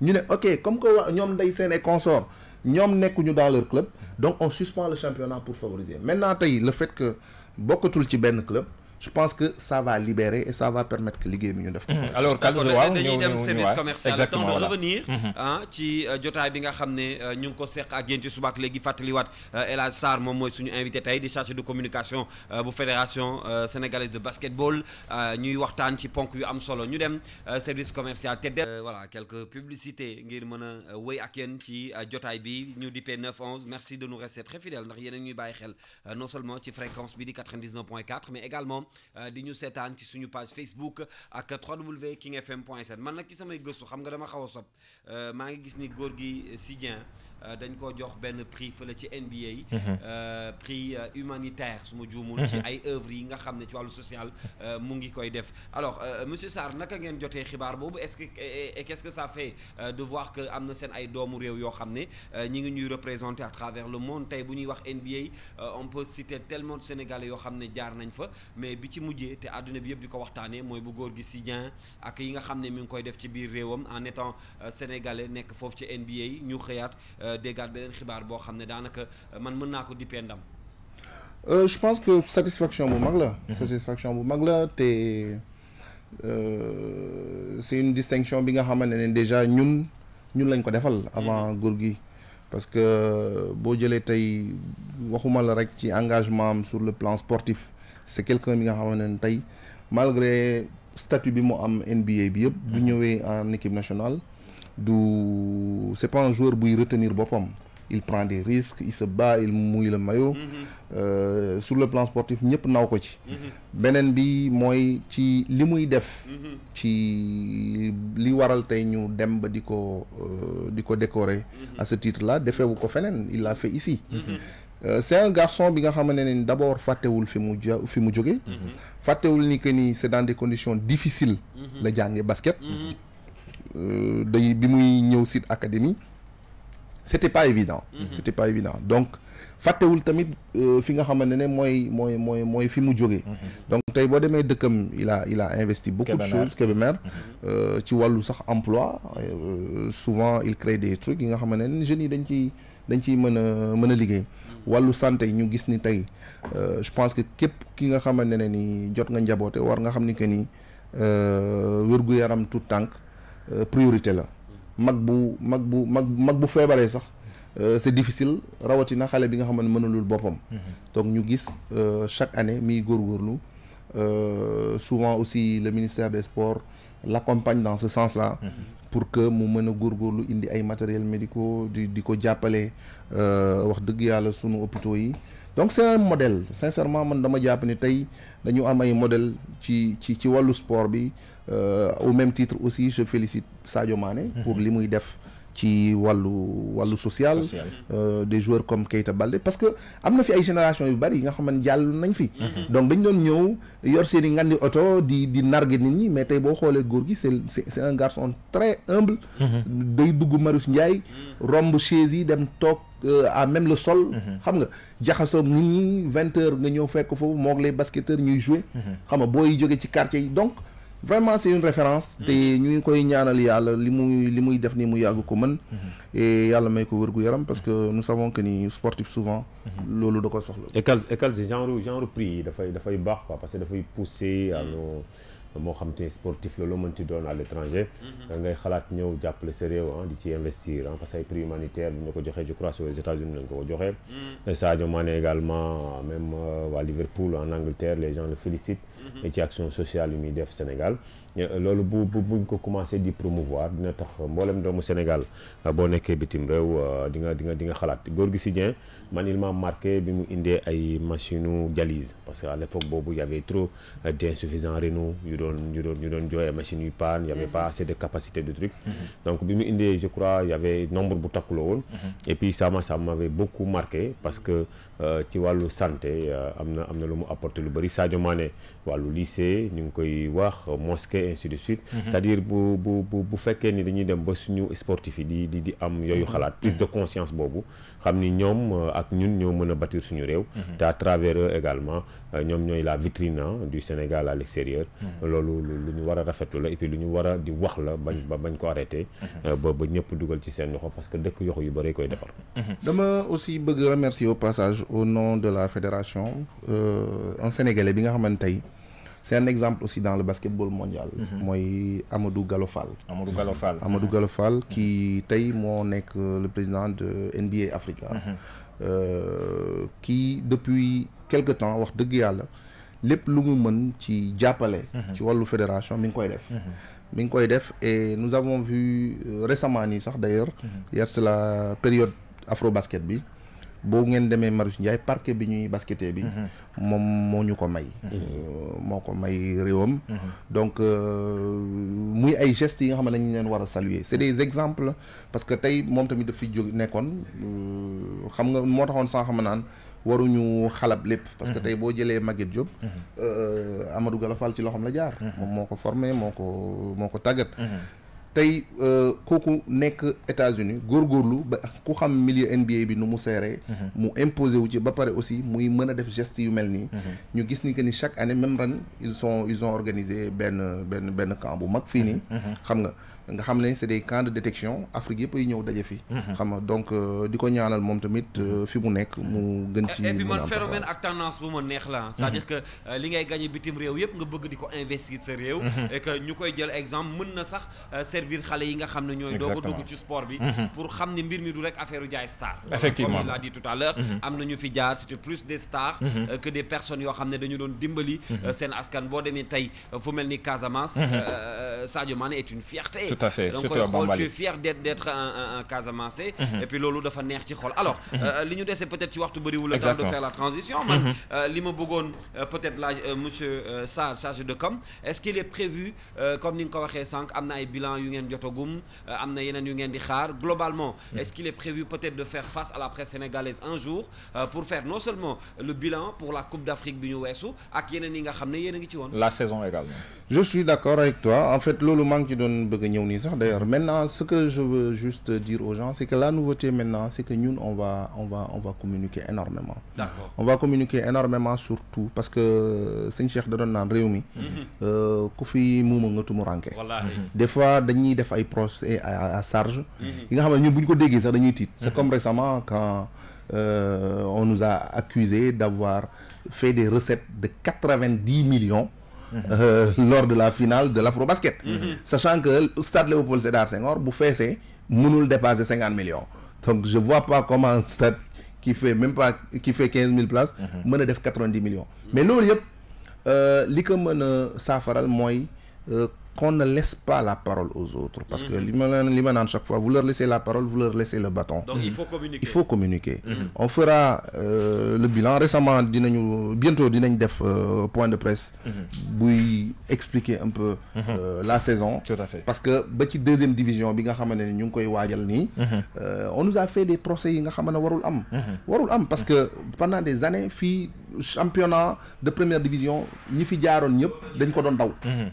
mhm. ok comme que sommes day et consorts ñoom dans leur club donc on suspend le championnat pour favoriser maintenant le fait que beaucoup de clubs club je pense que ça va libérer et ça va permettre que les bi ñu mm-hmm. alors kaddu waaw dañuy dem service commercial le temps de revenir ah ci euh, jotaay bi nga xam ne euh, ñu ngi ko seq ak yéen ci subaak euh, El Hadj mon moom mooy suñu invité tey di chargé de communication bu fédération sénégalaise de basketball ñuy avons ci ponk yu am solo ñu dem service commercial voilà quelques publicités ngir avons un wéy ak yéen ci jotaay bi ñu merci de nous rester très fidèles ndax avons un ñuy non seulement ci fréquence bi 99.4, mais également Euh, di ñu seetaan ci suñu page Facebook ak fm www.kingfm.sn man nag ci samay gëstu xam nga dama xaw a sob euh, maa ngi gis ni góor gi si Sidien Euh, dañ ko jox benn prix fële ci NBA. Mhm. Euh, prix euh, humanitaire su ma juumul. Mhm. ci ay œuvres yi nga xam ne ci wàllu social mu ngi koy def alors monsieur Sarr naka ngeen jotee xibaar boobu est-ce que et qu'est-ce que ça fait de voir que am na seen ay doomu réew yoo xam ne ñi ngi ñuy représenter à travers le monde tey bu ñuy wax NBA on peut citer tellement de Sénégalais yoo xam ne jaar nañ fa mais bi ci mujjee te àdduna bi yëpp di ko waxtaanee mooy bu góor gi Sidian ak yi nga xam ne mi ngi koy def ci biir réewam en étant sénégalais nekk foofu ci NBA ñu xëyaat. Euh, déggaat de xibaar boo xam ne daanaka euh, man mën nako dipendam dippee euh, je pense que satisfaction bu magla mhm. satisfaction bu magla té te c'est une distinction bi nga xamante ne déjà ñun ñun lañ ko défal avant mhm. góor gi parce que bo jëlé tay waxuma la rek ci engagement am sur le plan sportif c'est quelqu'un bi nga xamante tay malgré statut bi mo am NBA bi yëpp. bu mhm. ñëwee en équipe nationale du c'est pas un joueur y retenir bopam il prend des risques il se bat il mouille le maillot mhm. euh, sur le plan sportif ñëpp naw ko ci mhm. beneen bi mooy ci li muy def mhm. ci li waral ñu euh, à ce titre là il l'a fait ici euh, c'est un garçon bi d'abord fi mu fi ni que c'est dans des conditions difficiles le basket euh, de bi muy ñëw Académie c'était pas évident mm-hmm. Mm-hmm. c'était pas évident donc fàttewul tamit euh, fi nga xamante moy moy moy moy fi mu jógee mm-hmm. donc tay bo démé comme il a il a investi beaucoup de choses euh ci walu sax emploi euh, souvent il crée des trucs yi nga xamante génie jeunes yi dañ ci dañ ci mëna mëna santé ñu gis ni euh je pense que képp ki nga xamante ni jot nga njaboté war nga xamni que ni euh yaram tout tànk Euh, priorité la mag bu mag bu mag mag bu feebaree sax euh, c'est difficile rawatina xale bi nga xam ne mënalul boppam mm-hmm. donc ñu gis euh, chaque année miy góorgóorlu souvent aussi le ministère des sports l'accompagne dans ce sens-là mm-hmm. pour que mu mën a góorgóorlu indi ay matériels médicaux di di ko jàppale wax dëgg yàlla sunu hôpitaux yi donc c'est un sincèrement man dama jàpp ni tey dañu am ay modèle ci ci ci wàllu sport bi Euh, au même titre aussi je félicite Sadio Mané mhm. pour li def ci wàllu wàllu social euh, des joueurs comme Keita Baldé parce que amna fi ay génération yu bari nga xam ne nañ fi mhm. donc dañ doon ñew yor seeni ngandi auto di di nargue nit ñi mais tay bo xolé gor gui c'est c'est un garçon très humble mhm. day dugg Marius Ndiaye romb chaise dem toog euh, à même le sol xam nga jaxasoog nit ñi vingt heures nga ñew fekk fofu moog les basketteurs ñuy jouer xam nga booy joggé ci quartier donc vraiment c'est une référence des ñu ngi koy ñaanal yalla li muy li muy def ni mu yagu ko man mm-hmm. et yalla may ko wér gu yaram parce que nous savons que ni sportif souvent mm-hmm. lolu da ko soxla école école gens genre genre prix fay da fay baax quoi parce que fay pousser à mm-hmm. nos mo xam te sportif lolu loo mënti doon à l'étranger ngay xalat ñew jàppale sa sérieux hein ah, di ci investir hein parce que ay prix humanitaire bu ñu joxé joxee je crois aux États-Unis lañ ko ko ça mm. Sadio Mané également même à euh, Liverpool en Angleterre les gens le félicitent Mhm. ci action sociale yu def Sénégal euh, loolu bu bu buñ ko commencé di promouvoir dina tax dans doomu Sénégal euh, boo nekkee bitim réew euh, di nga di nga di nga xalaat man il m'a marqué bi mu indee ay machine dialyse parce qu'à à l'époque il y avait trop d'insuffisants rénaux yu don yu don yu doon jooy machine yu il y avait mhm. pas assez de capacité de truc mhm. donc il mu je crois il y avait nombre bu takku la et puis ça m'a ça m'avait beaucoup marqué parce que tu vois le santé am na a na lu le apporté lu bëri wàllu lycée ñu ngi koy wax mosquée ainsi de suite mhm. c'est-à-dire bu bu bu bu fekkee ni dañuy dem ba suñu sportif yi di di di am yooyu mhm. xalaat prise de mhm. conscience boobu xam ni ñoom euh, ak ñun ñoo mën a bâtir suñu réew te travers eux également euh, ñoom ñooy la vitrine hein, du Sénégal à l'extérieur loolu lu ñu war a la et puis lu ñu war a di wax la bañ ba bañ ko arrêté euh, ba ba ñëpp dugal ci seen loxo parce que dëkk yoxu yu bëri koy defar dama aussi bëgg remercier au passage au nom de la fédération un Sénégalais bi nga xamante c'est un exemple aussi dans le basketball mondial. Moi, Amadou Galofal. Fall. Amadou Gallo Fall Amadou Gallo Fall mhm. mhm. qui est euh, le président de NBA Africa. Mhm. Euh, qui depuis quelque temps wax de yàlla les lu mu qui ci tu ci wàllu fédération mi koy et nous avons vu euh, récemment nii sax d'ailleurs. hier c'est la période afro Basketball. boo ngeen demee Marius Ndiaye parquet bi ñuy baskettee bi mhm. moom moo ñu ko may mhm. euh, moo ko may réewam mhm. donc euh, muy ay gestes yi nga xam ne lañu leen war a saluer c'est des exemples parce que tey moom tamit daf fi jóg nekkoon euh, xam nga moo taxoon sans xam naan waruñu xalab lépp parce que tey boo jëlee Maguette Diop Amadou Galafal ci loxoom la jaar moom moo ko formé moo ko moo ko tàggat tey euh, kooku États-Unis góorgóorlu milieu NBA bi nu mhm. imposé wu aussi geste mhm. gis ni chaque année même ils ils ont organisé benn camp nga xam c'est des camps de détection Afrique yépp ay ñëw daje fi. Mhm. xam nga donc euh, diko ñaanal mom tamit euh, fi mu nekk mu gën ci. et puis man phénomène ak tendance bu ma neex la c'est-à-dire mhm. que euh, li ngay gagné bitim réew yépp nga bëgg diko investir ce réew. Mhm. et que ñukoy jël exemple mën na sax servir xalé yi nga xam ne ñooy. doog dugg ci sport bi. pour xam ne mbir mi du rek affaire jaay star. effectivement comme on l'a dit tout à l'heure am na ñu fi jaar c'est plus des stars. que des personnes yo xam ne dañu doon dimbali. sen askan bo demee tay fu melni Casamance. Sadio Mané est une fierté fait donc tu es euh, fier d'être d'être un Casamance mm-hmm. et puis lolo de faire ci xol alors mm-hmm. euh, li ñu c'est peut-être ci waxtu bëriwul le temps de faire la transition man mm-hmm. euh, li peut-être là monsieur sarge de com est-ce qu'il est prévu comme nous l'avons ko y sànq am bilan yu ngeen jotagum y a un yu ngeen globalement est-ce qu'il est prévu peut-être de faire face à la presse sénégalaise un jour pour faire non seulement le bilan pour la Coupe d'Afrique bi ñu ak la saison également je suis d'accord avec toi en fait lolo man qui donne d'ailleurs maintenant ce que je veux juste dire aux gens c'est que la nouveauté maintenant c'est que nous on va on va on va communiquer énormément on va communiquer énormément surtout parce que c'est euh, Cheikh da de nan rewmi Réumi, mhm. euh, ku fi tout nga ranké mhm. des fois dañuy def ay procès à charge mhm. yi nga xamné ko c'est comme récemment quand euh, on nous a accusé d'avoir fait des recettes de 90 millions euh, lors de la finale de l'Afrobasket. Mhm. Mhm. Sachant que le stade Léopold Sédar Senghor, vous c'est nous dépasser 50 millions. Donc je ne vois pas comment un stade qui fait même pas qui fait 15 000 places mhm. mën 90 millions mais nous yëpp euh, li ko mën a le mois ne laisse pas la parole aux autres. Parce que à chaque fois, vous leur laissez la parole, vous leur laissez le bâton. il faut communiquer. Mm-hmm. On fera euh, le bilan. Récemment, bientôt, dinañ def euh, point de presse oui mm-hmm. expliquer un peu mm-hmm. euh, la saison. Parce que deuxième division on nous a fait des procès nga parce que pendant des années fille championnat de première division ni fi ni mhm.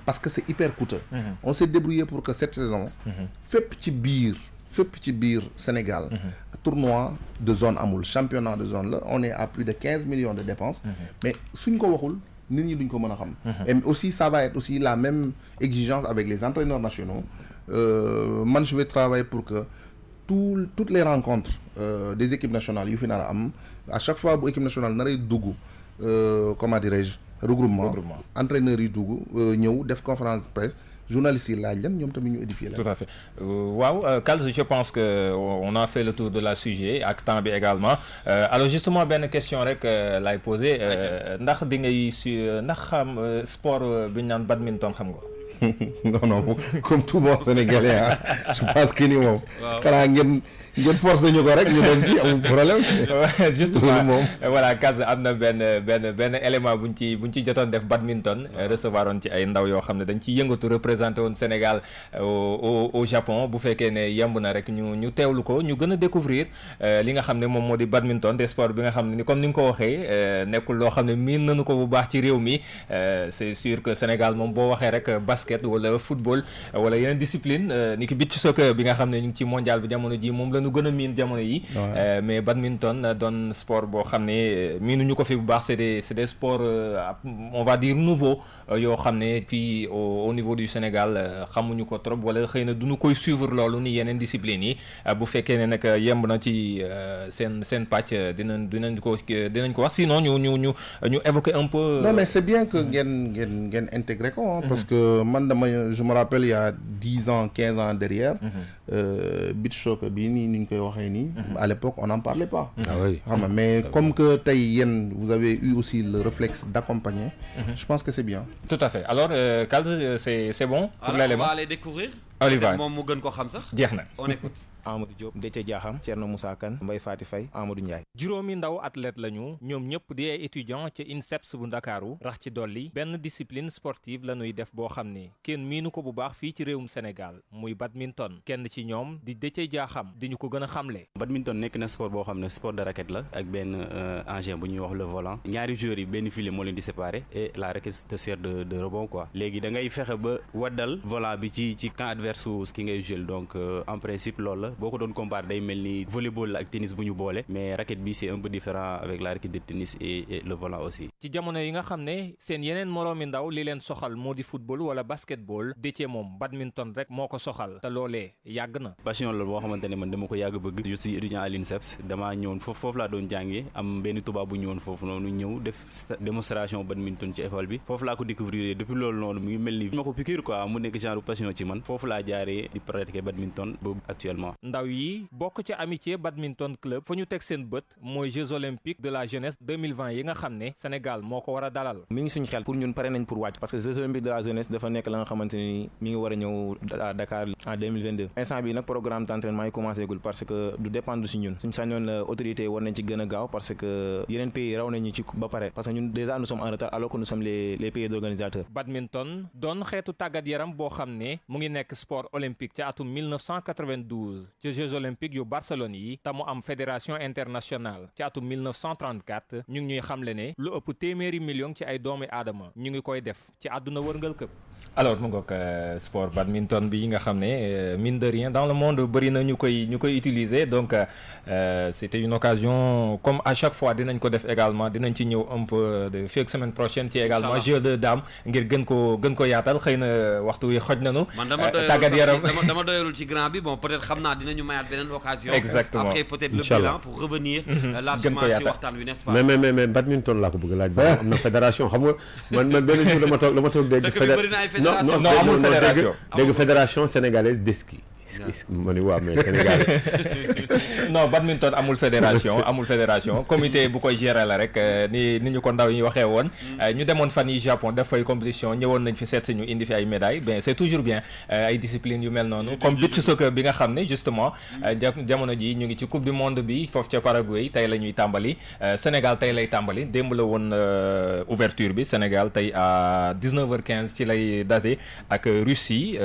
parce que c'est hyper coûteux mhm. on s'est débrouillé pour que cette saison mhm. fait petit bir fait petit bir Sénégal tournoi de zone Amoul, championnat de zone là on est à plus de 15 millions de dépenses mais suñ ko waxul ni et aussi ça va être aussi la même exigence avec les entraîneurs nationaux euh, moi je vais travailler pour que toutes les rencontres euh, des équipes nationales yu à chaque fois que l'équipe nationale naray euh, comment dirais-je regroupement entraîneur yi dugg euh, ñëw def conférence presse journalistes yi laaj lan tout à fait euh, Waouh, Kals je pense qu'on a fait le tour de la sujet Actambe également euh, alors justement il question rek une poser ndax di ngay su ndax sport bi badminton xam nga <laughs> non non comme tout bon sénégalais ah je pense que ni moom. waaw xanaa ngeen ngeen forcé ñu ko rek ñu dem ci amul problème. justement voilà Kaz amna ben ben ben élément buñ ci buñ ci jotone def badminton. recevoir woon ci ay ndaw yo xam dañ ci yëngatu représenté woon Sénégal euh, au au Japon bu fekkee né yemb na rek ñu ñu teewlu ko ñu gëna a découvrir euh, li nga xam mom modi badminton des sport bi nga xam ni comme ni nga ko waxee euh, nekkul loo xam ne miin nañu ko bu baax ci réew mi c'est sûr que Sénégal mom bo waxé rek basket basket wala football euh, wala yeneen discipline euh, ni ki bit ci soccer bi nga xam ne ñu ci mondial bi jamono ji moom la ñu gën a miin jamono yi euh, mais badminton doon sport boo xam ne miinuñu ko fi bu baax c'est des c'est des sports on va dire nouveau yoo xam ne fii au niveau du Sénégal xamuñu ko trop wala xëy na duñu koy suivre loolu ni yeneen discipline yi bu fekkee ne nag yemb na ci seen seen pàcc dinañ dinañ ko dinañ ko wax sinon ñu ñu ñu ñu évoquer un peu non mais c'est bien que ngeen ngeen ngeen intégré ko hein, mhm. parce que je me rappelle il y a 10 ans 15 ans derrière. Mhm. Euh, mhm. à l'époque on n'en parlait pas. Ah mais comme que vous avez eu aussi le réflexe d'accompagner. Mhm. je pense que c'est bien. tout à fait alors euh, Kalz euh, c'est bon. pour l'élément on va aller découvrir. on va on écoute. Amadou Diop Déthié Diakham Thierno Moussa Kan Mbaye Faty Amadou Ndiaye juróomi ndaw athlète lañu ñom ñëpp di ay étudiant ci INSEPS bu Dakarou rax ci dolli ben discipline sportive la ñuy def bo xamné kenn miinu ko bu baax fi ci réewum Sénégal muy badminton kenn ci ñom di Déthié Diakham di ko gën badminton nek na sport bo xamné sport de raquette la ak benn euh, engin bu ñuy wax le volant ñaari joueur yi ben filet mo leen di séparer et la raquette te sert de de rebond quoi légui da ngay fexé ba wadal volant bi ci ci camp adverse ki ngay jouer donc euh, en principe loolu la boko ko doon day melni volleyball ak tennis buñu bolé mais raquette bi c'est un peu différent avec la raquette de tennis et le volant aussi. ci jamono yi nga xamné sen yenen morom moroomi ndaw li len soxal modi football wala basketball Déthié mom badminton rek moko soxal ta lolé yag na. passion la bo xamanteni man dama ko yag bëgg. je suis étudiant à l'INSEPS damaa ñëwoon foofu foofu laa am benn tubaab bu ñëwoon fofu nonu ñëw def démonstration badminton ci école bi fofu la ko découvrir depuis loolu nonu mu ngi melni ni ko piqûre quoi mu nek genre passion ci man fofu la jaaree di pratiquer badminton boobu actuellement. ndaw yi bokk ci amitié badminton club fa ñu teg seen bët mooy Jeux olympiques de la jeunesse yi nga xam ne Sénégal moo ko war dalal. mi ngi suñu xel pour ñun pare nañ pour wàcc parce que Jeux olympiques de la jeunesse dafa nekk la nga xamante ni mi ngi war ñëw Dakar en 2022 nag programme d'entraînement yi commencé gul parce que du dépendre si ñun suñu sañoon la euh, autorité war nañ ci gën gaaw parce que yeneen pays raw nañu ci ba pare parce Les Jeux olympiques de Barcelone yi fédération internationale En 1934 ñu ngi ñuy xamle ne lu ëpp téeméeri million ci ay doomi aadama ñu ngi koy def ci alors mu ngoog euh, sport badminton bi nga xam ne euh, mine de rien dans le monde bëri na ñu koy ñu koy utiliser donc euh, c'était une occasion comme à chaque fois dinañ ko def également dinañ ci ñëw un peu de fii semaine prochaine ci également jeu de dames, ngir gën ko gën ko yaatal xëy na waxtu wi xoj nañu man dama tàggat yaram dama <laughs> doyalul ci grand bi bon peut-être xam naa dinañu mayaat beneen occasion exactement après peut-être le bilan pour revenir <laughs> largement ci waxtaan wi n'est-ce pas mais mais mais badminton laa ko bëgg laaj ba am na fédération xam nga man man benn jour la ma toog la ma toog dégg non non non, fédération sénégalaise de ma ne mais Sénégal <laughs> non badminton amul fédération <laughs> amul fédération comité bu koy gérer la rek euh, ni niñu ko ndaw yi waxé won mm. euh, ñu démon fan yi Japon def fay compétition ñewon nañ fi seet si ñu indi fi ay médailles bien c'est toujours bien euh, ay discipline yu mel noonu comme beach soccer bi nga xamné justement mm. jamono ji ñu ngi ci coupe du monde bi foofu ci Paraguay tay la tambali Sénégal tay lay tambali démb la ouverture bi Sénégal tay à 19h15 ci lay date ak Russie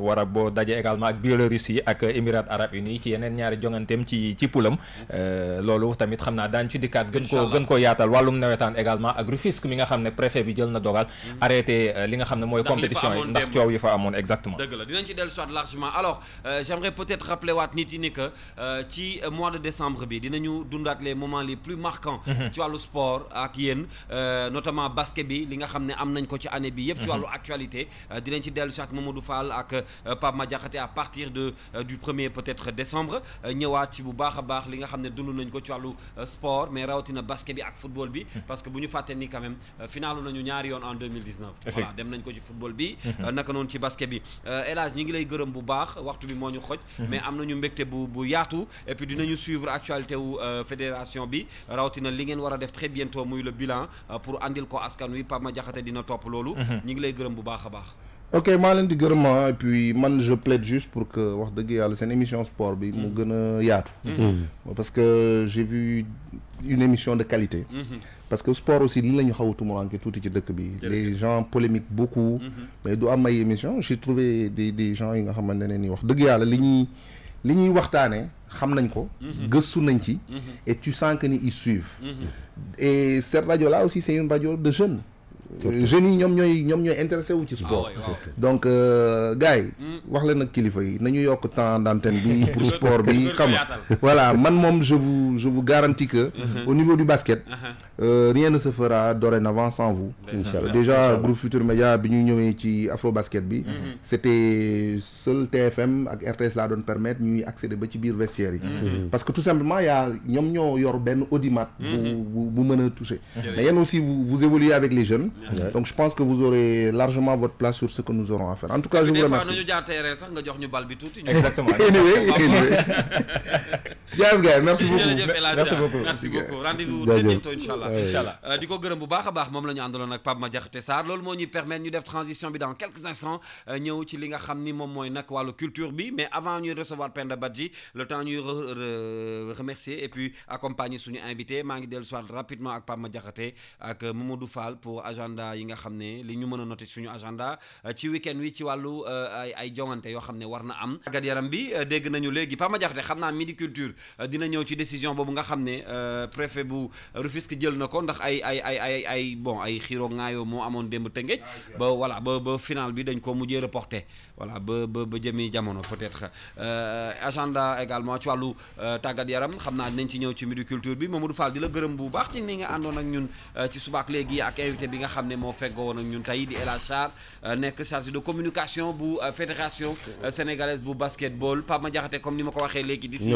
wara bo dajé également ak Biélorussie ak Émirats arabes unis ci yeneen ñaari jongantem ci ci pulam euh, lolu tamit xamna dañ ci dikkaat gën ko gën ko yaatal walum nawetaan également ak Rufisque mi nga xam préfet bi jël na dogal mm-hmm. arrêté euh, li nga xam moy compétition ndax ciow yu fa amone exactement deug la dinañ ci del soit largement alors euh, j'aimerais peut-être rappeler waat nit ni que ci mois de décembre bi dinañu dundat les moments les plus marquants mm-hmm. ci wàllu sport ak yéen notamment basket bi li nga xam ne am nañ ko ci année bi yépp ci mm-hmm. walu actualité dinañ ci dellu soit Mamadou Fall ak Pape madjakhati à partir partir de euh, du premier peut-être décembre euh, ñëwaat bu baax baax li nga xamné ne nañ ko ci walu euh, sport mais na basket bi ak football bi hmm. parce que buñu faté ni quand même finalu nañu ñaari yoon en 2019 voilà dem nañ ko ci football bi hmm. naka non ci basket bi El Hadj ñi ngi lay gëreum bu baax waxtu bi moñu xoj hmm. mais amna ñu mbékté bu bu yaatu et puis dinañu suivre actualité wu fédération bi na li ngeen wara def très bientôt muy le bilan pour andil ko askan wi ma Jaxate dina top lolu ñi ngi lay gëreum bu baax baax ok maa leen ah, et puis man je plaide juste pour que wax une yàlla émission sport bi mu mm. gën a mm. Mm. parce que j'ai vu une émission de qualité. Mm-hmm. parce que sport aussi li la ñu xaw a tumuraanke ci dëkk bi. les gens polémiquent beaucoup. Mm-hmm. mais dans am ay émission j'ai trouvé des des gens yi nga xamante ne ni wax dëgg yàlla li ñuy li ñuy xam mm-hmm. et tu sens que ni ils suivent. et cette radio là aussi c'est une radio de jeunes jeunes ñom ñoy ñom ñoy intéressé wu ci sport ah donc euh, gars yi hmm. wax leen Nous, kilifa yi nañu yok temps d'antenne bi <laughs> pour sport bi xam voilà man je vous je vous garantis que uh-huh. au niveau du basket uh-huh. euh, rien ne se fera dorénavant sans vous déjà groupe Futur Média bi ñu ñëwé ci afro basket bi uh-huh. c'était seul TFM et RTS la doon permettre ñuy accéder ba ci vestiaire parce que tout simplement a ñom ñoo yor benn audimat bu bu mën toucher mais aussi vous vous évoluez avec les jeunes donc je pense que vous aurez largement votre place sur ce que nous aurons à faire. En tout cas, je vous remercie. Exactement. <laughs> merci beaucoup merci beaucoup rendez-vous très bientôt inshallah inshallah euh, Diko ko gërëm bu baax a baax moom la ñu Pape Madiakhate transition bi dans quelques instants nous euh, ci li nga xam ni culture bi mais avant de recevoir Penda Badji le temps de remercier et puis accompagner suñu invité maa ngi dellu si rapidement ak Pape Madiakhate ak Mamadou Fall pour agent agenda yi nga xam li ñu mëna noté suñu agenda euh, ci weekend wi ci walu euh, ay ay jonganté yo xam warna am tàggat yaram bi euh, dégg nañu légui pa ma jaxté xamna midi culture dina ñëw ci décision bobu nga xam préfet bu Rufisque jël nako ndax ay ay ay ay ay bon ay xiiroo ŋaayoo moo amoon démb tëngeej ah, ba voilà ba ba final bi dañ ko mujjé reporté voilà ba ba ba jëmi jamono peut-être euh agenda également ci walu tàggat yaram xamna dinañ ci ñëw ci midi culture bi Mamadou Fall dila la gërëm bu baax ci ni nga andon ak ñun ci subaak légui ak invité bi nga xam mo moo feggoo ak ñun tay di El Hadj Sarr euh, nekk chargé de communication bu euh, fédération euh, sénégalaise bu basketball Pape Madiakhaté comme ni ma ko waxee léegi. di si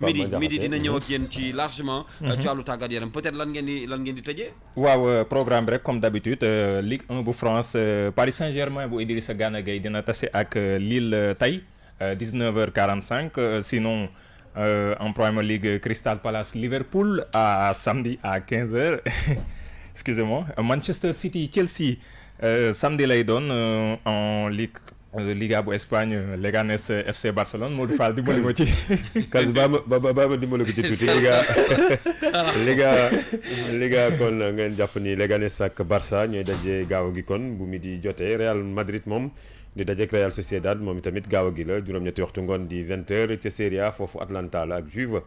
midi midi dina ñëw ak yéen ci mm-hmm. largement. ci mm-hmm. wàllu tàggat yaram peut-être lan ngeen di lan ngeen di tëjee. waaw programme rek comme d'habitude Ligue 1 bu France Paris Saint-Germain bu Idrissa Gana Gueye dina tase ak Lille tay 19h45 sinon. Euh, en Premier League Crystal Palace Liverpool à samedi à 15h. <laughs> excusez-moi euh, Manchester City Chelsea euh, samedi lay doon euh, en Ligue. Liga bu Espagne Leganes FC Barcelone Modou Fall dimbali ma ci. <laughs> Kals ba ma ba ma dimbali ko ci tuuti <laughs> Liga <laughs> Liga Liga kon ngeen japp ni Leganes ak Barça ñoy dajé gaaw gi kon bu mi di Real Madrid mom di dajeek Real Sociedad mom tamit gaaw gi la juroom ñetti waxtu ngoon di 20h ci Serie A fofu Atalanta la ak Juve.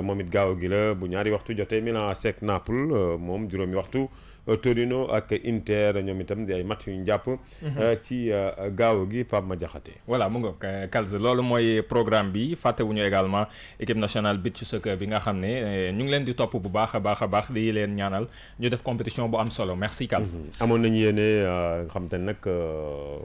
moom it gaaw gi la bu ñaari waxtu jotee Milan AC Naples moom juróomi waxtu. Torino ak Inter ñoom itam di ay match yu ñu mhm. euh, ci euh, gaaw gi Pape Madiakhaté. voilà mu nga Kalz euh, lolu moy programme bi faté wuñu également équipe nationale beach soccer bi nga xamné ñu ngi leen di top bu baaxa baaxa baax a baax di leen ñaanal ñu def compétition bu am solo merci Kalz. Mhm. amon nañu yéene xam te nak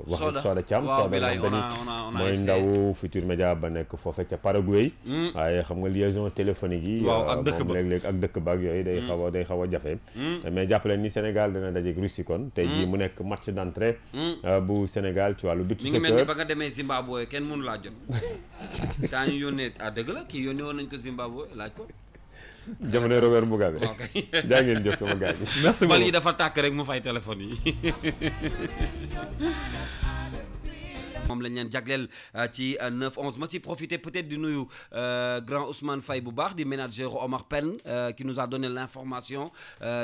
wax Soda cham Soda Thiam mooy ndaw Futur Média ba nekk fofé ca Paraguay. Mm. waaye xam nga liaison téléphonique yi. ak dëkk ba léeg ak dëkk ba ak yooyu day mm. xaw day xawa jafé jafe. Mm. mais jàppale ni Sénégal dana dajeeg Russie kon. Hmm. tey jii mu nekk match d'entrée. Hmm. Euh, bu Sénégal ci wàllu beach soccer. mi ngi mel ni ba nga demee Zimbabwe kenn mënu laa jot. <laughs> taa ñu yónnee ah dëgg la kii yónnee woon nañ ko Zimbabwe laaj ko. jamono <laughs> Robert Mugabe. ok <laughs> jaa ngeen jëf sama gars yi. merci beaucoup yi dafa tàkk rek mu fay téléphone yi. mom lañ leen jagleel euh, ci 9 euh, 11 ma ci profiter peut-être du nuyu euh, grand Ousmane Faye bu baax di manager Omar Pène qui nous a donné l'information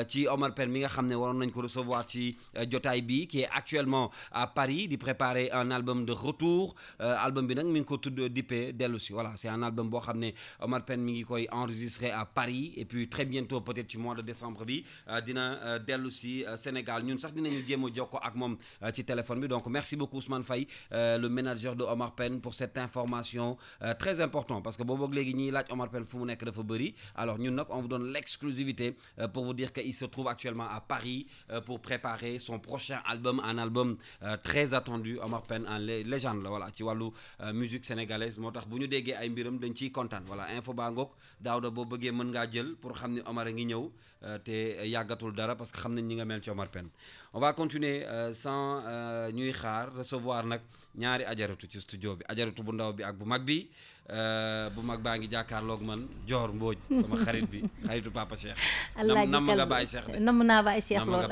ci Omar Pène mi nga xamné waron nañ ko recevoir ci jotaay bi qui est actuellement à Paris di préparer un album de retour album bi nak mi ngi ko tudd dippee dellu voilà c'est un album bo xamné Omar Pène mi ngi koy enregistrer à Paris et puis très bientôt peut-être ci mois de décembre bi dina dellu si Sénégal ñun sax dinañu jëmo a ak mom ci téléphone bi donc merci beaucoup Ousmane Faye euh, le manager de Omar Pen pour cette information euh, très importante parce que Bobo ak là, Omar Pen, fu mu alors ñun on vous donne l'exclusivité euh, pour vous dire qu'il se trouve actuellement à Paris pour préparer son prochain album un album très attendu Omar Pen un légende voilà voilà vois la musique sénégalaise moo tax Dégué, ay voilà info Bangok, ngoog Daouda boo bëggee mën jël pour xam Omar a ngi ñëw te Yagatul dara parce que vous nañ ñi Omar Pen. on va continuer sans ñuy xaar recevoir ñaari ajaratu ci studio bi ajaratu bu ndaw bi ak bu mag bi euh, bu mag baangi ngi man jor mbooj sama xarit bi xaritu papa cheikh allah nam nga bàyyi cheikh nam na bàyyi cheikh lool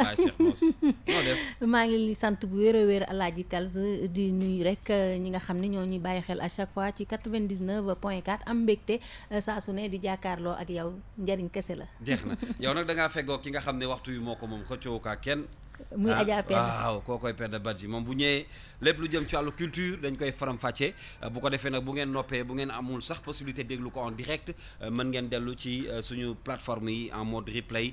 <laughs> ma ngi li sante bu wéré wéré aladji kalz di nuy rek euh, ñi nga xamni ñoo ñi baye xel à chaque fois ci 99.4 am mbégte euh, sa su di jakarlo ak yow njariñ kessela la jeex na <laughs> yow nak da ngaa feggoo ki nga xamni waxtu yu moko mom xëccu ka kenn muy ah, Adja Penda waaw koo koy Penda Badji moom bu ñëwee lépp lu jëm ci wàllu culture dañ koy faram-fàccee euh, bu ko defee nag bu ngeen noppee bu ngeen amul sax possibilité déglu ko en direct euh, mën ngeen dellu ci euh, suñu plateforme yi en mode replay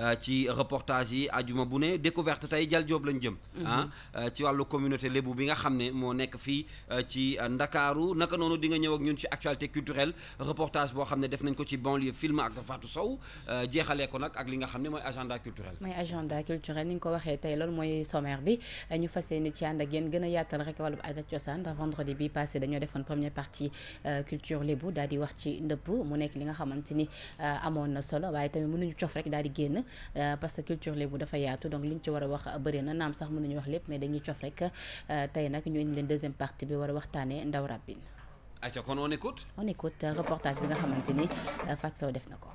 Euh, ci reportage yi ajuma bu ne découverte tay dial job lañ jëm mhm. ah euh, ci walu communauté lébu bi nga xamné mo moo nekk fii euh, ci ndakaaru naka nonu di nga ñëw ak ñun ci actualité culturelle reportage bo xamné def nañ ko ci banlieue film ak Fatou Sow jeexalee ko nak ak li nga xamné moy agenda culturel moy agenda culturel ni nga ko waxee tey loolu mooy sommaire bi ñu fassé yéene ci ànd ak yéen gën yaatal rek walu aada cosaan vendredi bi passé dañu defoon première partie culture lébu daal di wax ci ndëpp mu nekk li nga xamante amon na solo waaye tamit mënuñu cof rek daal di génn Euh, parce que culture lébu dafa yaatu donc liñ ci war a wax bëri na naam sax mënuñu wax lépp mais dañuy cof rek euh, tey nag ñoo indi leen deuxième partie bi war a waxtaanee ndaw ràbbin acca kon on écoute on écoute euh, reportage bi nga xamante ni Fatou Sow def na ko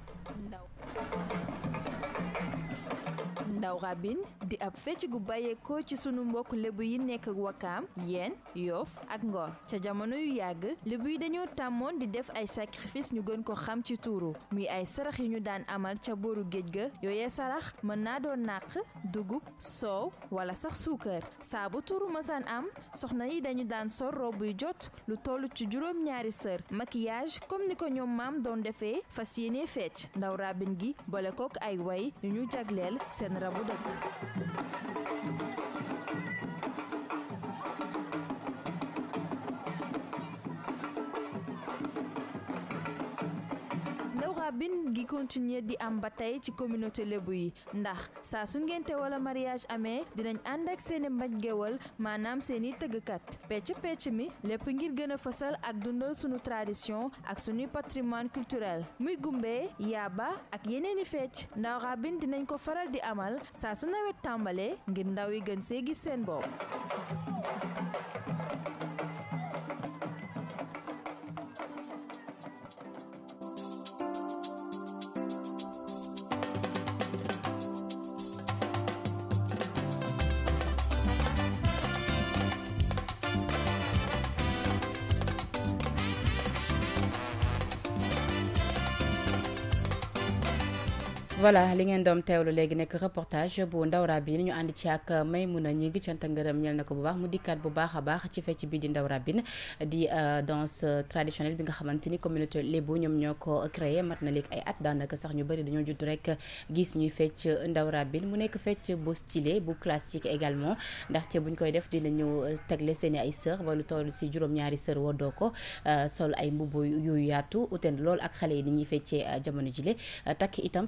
ndaw rabine di ab fecc gu bàyyeekoo ci sunu mbokk lébu yi nekk wakaam yeen yoof ak ngor ca jamono yu yàgg lébu yi dañoo tàmmoon di def ay sacrifice ñu gën ko xam ci tuuru muy ay sarax yu ñu daan amal ca booru géej ga yooye sarax mën naa doon naq dugub soow wala sax suukar saa bu tuuru masaan am soxna yi dañu daan sol robb yu jot lu toll ci juróom ñaari sër maquillage comme ni ko ñoom maam doon defee fas yéenee fecc ndaw rabine gi boole ay way bu dëkk bin gi continuer di am ba tey ci communauté lébu yi ndax saa su ngénte wala mariage amee dinañ ànd ak seeni mbaj géwal maanaam seeni tëggkat pecc pecc mi lépp ngir gëna a fësal ak dundal sunu tradition ak sunuy patrimoine culturel muy gumbee yaaba ak yeneeni fecc ndaw rabin dinañ ko faral di amal saa su nawet tàmbalee ngir ndaw yi gën see gis seen bopp voilà li ngeen doom teewlu reportage bu ndawra bi ñu ànd ci ak Maymuna ñi ngi ngërëm bu baax mu dikkaat bu baax baax ci fecc bi di ndawra di euh, danse traditionnelle bi nga xamante ni communauté lébu ñoom ñoo ko créé ay at sax ñu rek gis ñuy mu stylé bu classique également ndaxte buñ koy def dinañu tegle seeni ay sër ba lu toll si ñaari sër ko euh, sol ay yu yaatu uten lool ak xale yi ni ñuy euh, itam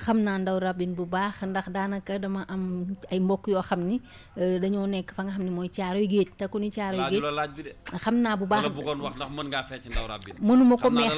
xam naa ndaw rabine bu baax ndax daanaka dama am ay mbokk yoo xam ni euh, dañoo nekk fa nga xam ne mooy caaroy géej te ku ni caaroy géej xam naa bu baax bëggoon wax ndax mënuma ko mais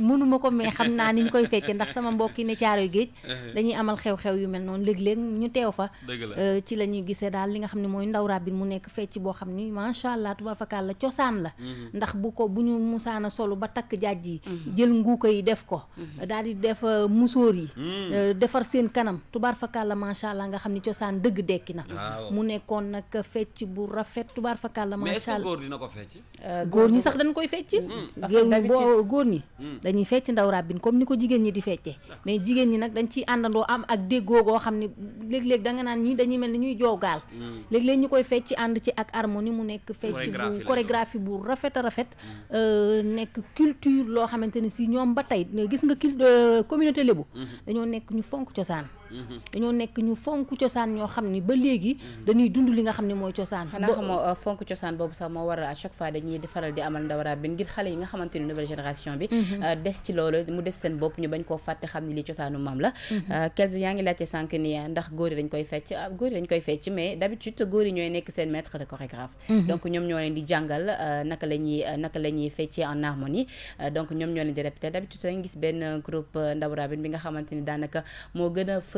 mënuma ko mais xam naa ni koy fecc <laughs> ndax sama mbokk yi ne caaroy géej <laughs> dañuy amal xew-xew yu mel noonu léeg-léeg ñu teew fa euh, ci la ñuy gisee daal li nga xam ne mooy ndaw rabine mu nekk fecc boo xam ni macha allah tubarfakal la cosaan la ndax bu ko bu ñu musaana solo ba takk jaaj yi jël nguuka yi def ko daal di def euh, musóor yi hmm. Euh, defar seen kanam tubaar la macha allah nga xam ni cosaan dëgg dekki na mu nekkoon nag fecc bu rafet tubaar fakàlla la allah góor dina ko fecc euh, góor ñi sax dañ koy fecc mm. boo góor ñi mm. dañuy fecc ndaw ràbbin comme ni ko jigéen ñi di feccee mais jigéen ñi nag dañ ciy àndandoo am ak déggoo goo xam ni léeg-léeg da nga naan ñi dañuy mel ni ñuy joogaal mm. léeg-léeg ñu koy fecc ànd ci ak harmonie mu nekk fecc bu chorégraphie bu rafet a rafet euh, nekk culture loo xamante ne si ñoom ñoo nekk ñu fonk cosaan dañoo nekk ñu fonk cosaan ñoo xam ni ba léegi mhm. dañuy dund li nga xam ne mooy cosaan xanaa xamoo euh, fonk cosaan boobu sax moo waral à chaque fois dañuy faral di amal ndawara ngir xale yi nga xamante nouvelle génération bi mhm. euh, des ci loolu mu des seen bopp ñu bañ koo fàtte xam ni li cosaanu maam la mhm. euh, Kels yaa ngi laajte sànq ni ndax góor dañ koy fecc ah, góor dañ koy fecc mais d'habitude góor yi ñooy nekk seen maître de chorégraphe donc ñoom ñoo leen di jàngal naka la ñuy naka la ñuy feccee en harmonie donc ñoom ñoo leen di répété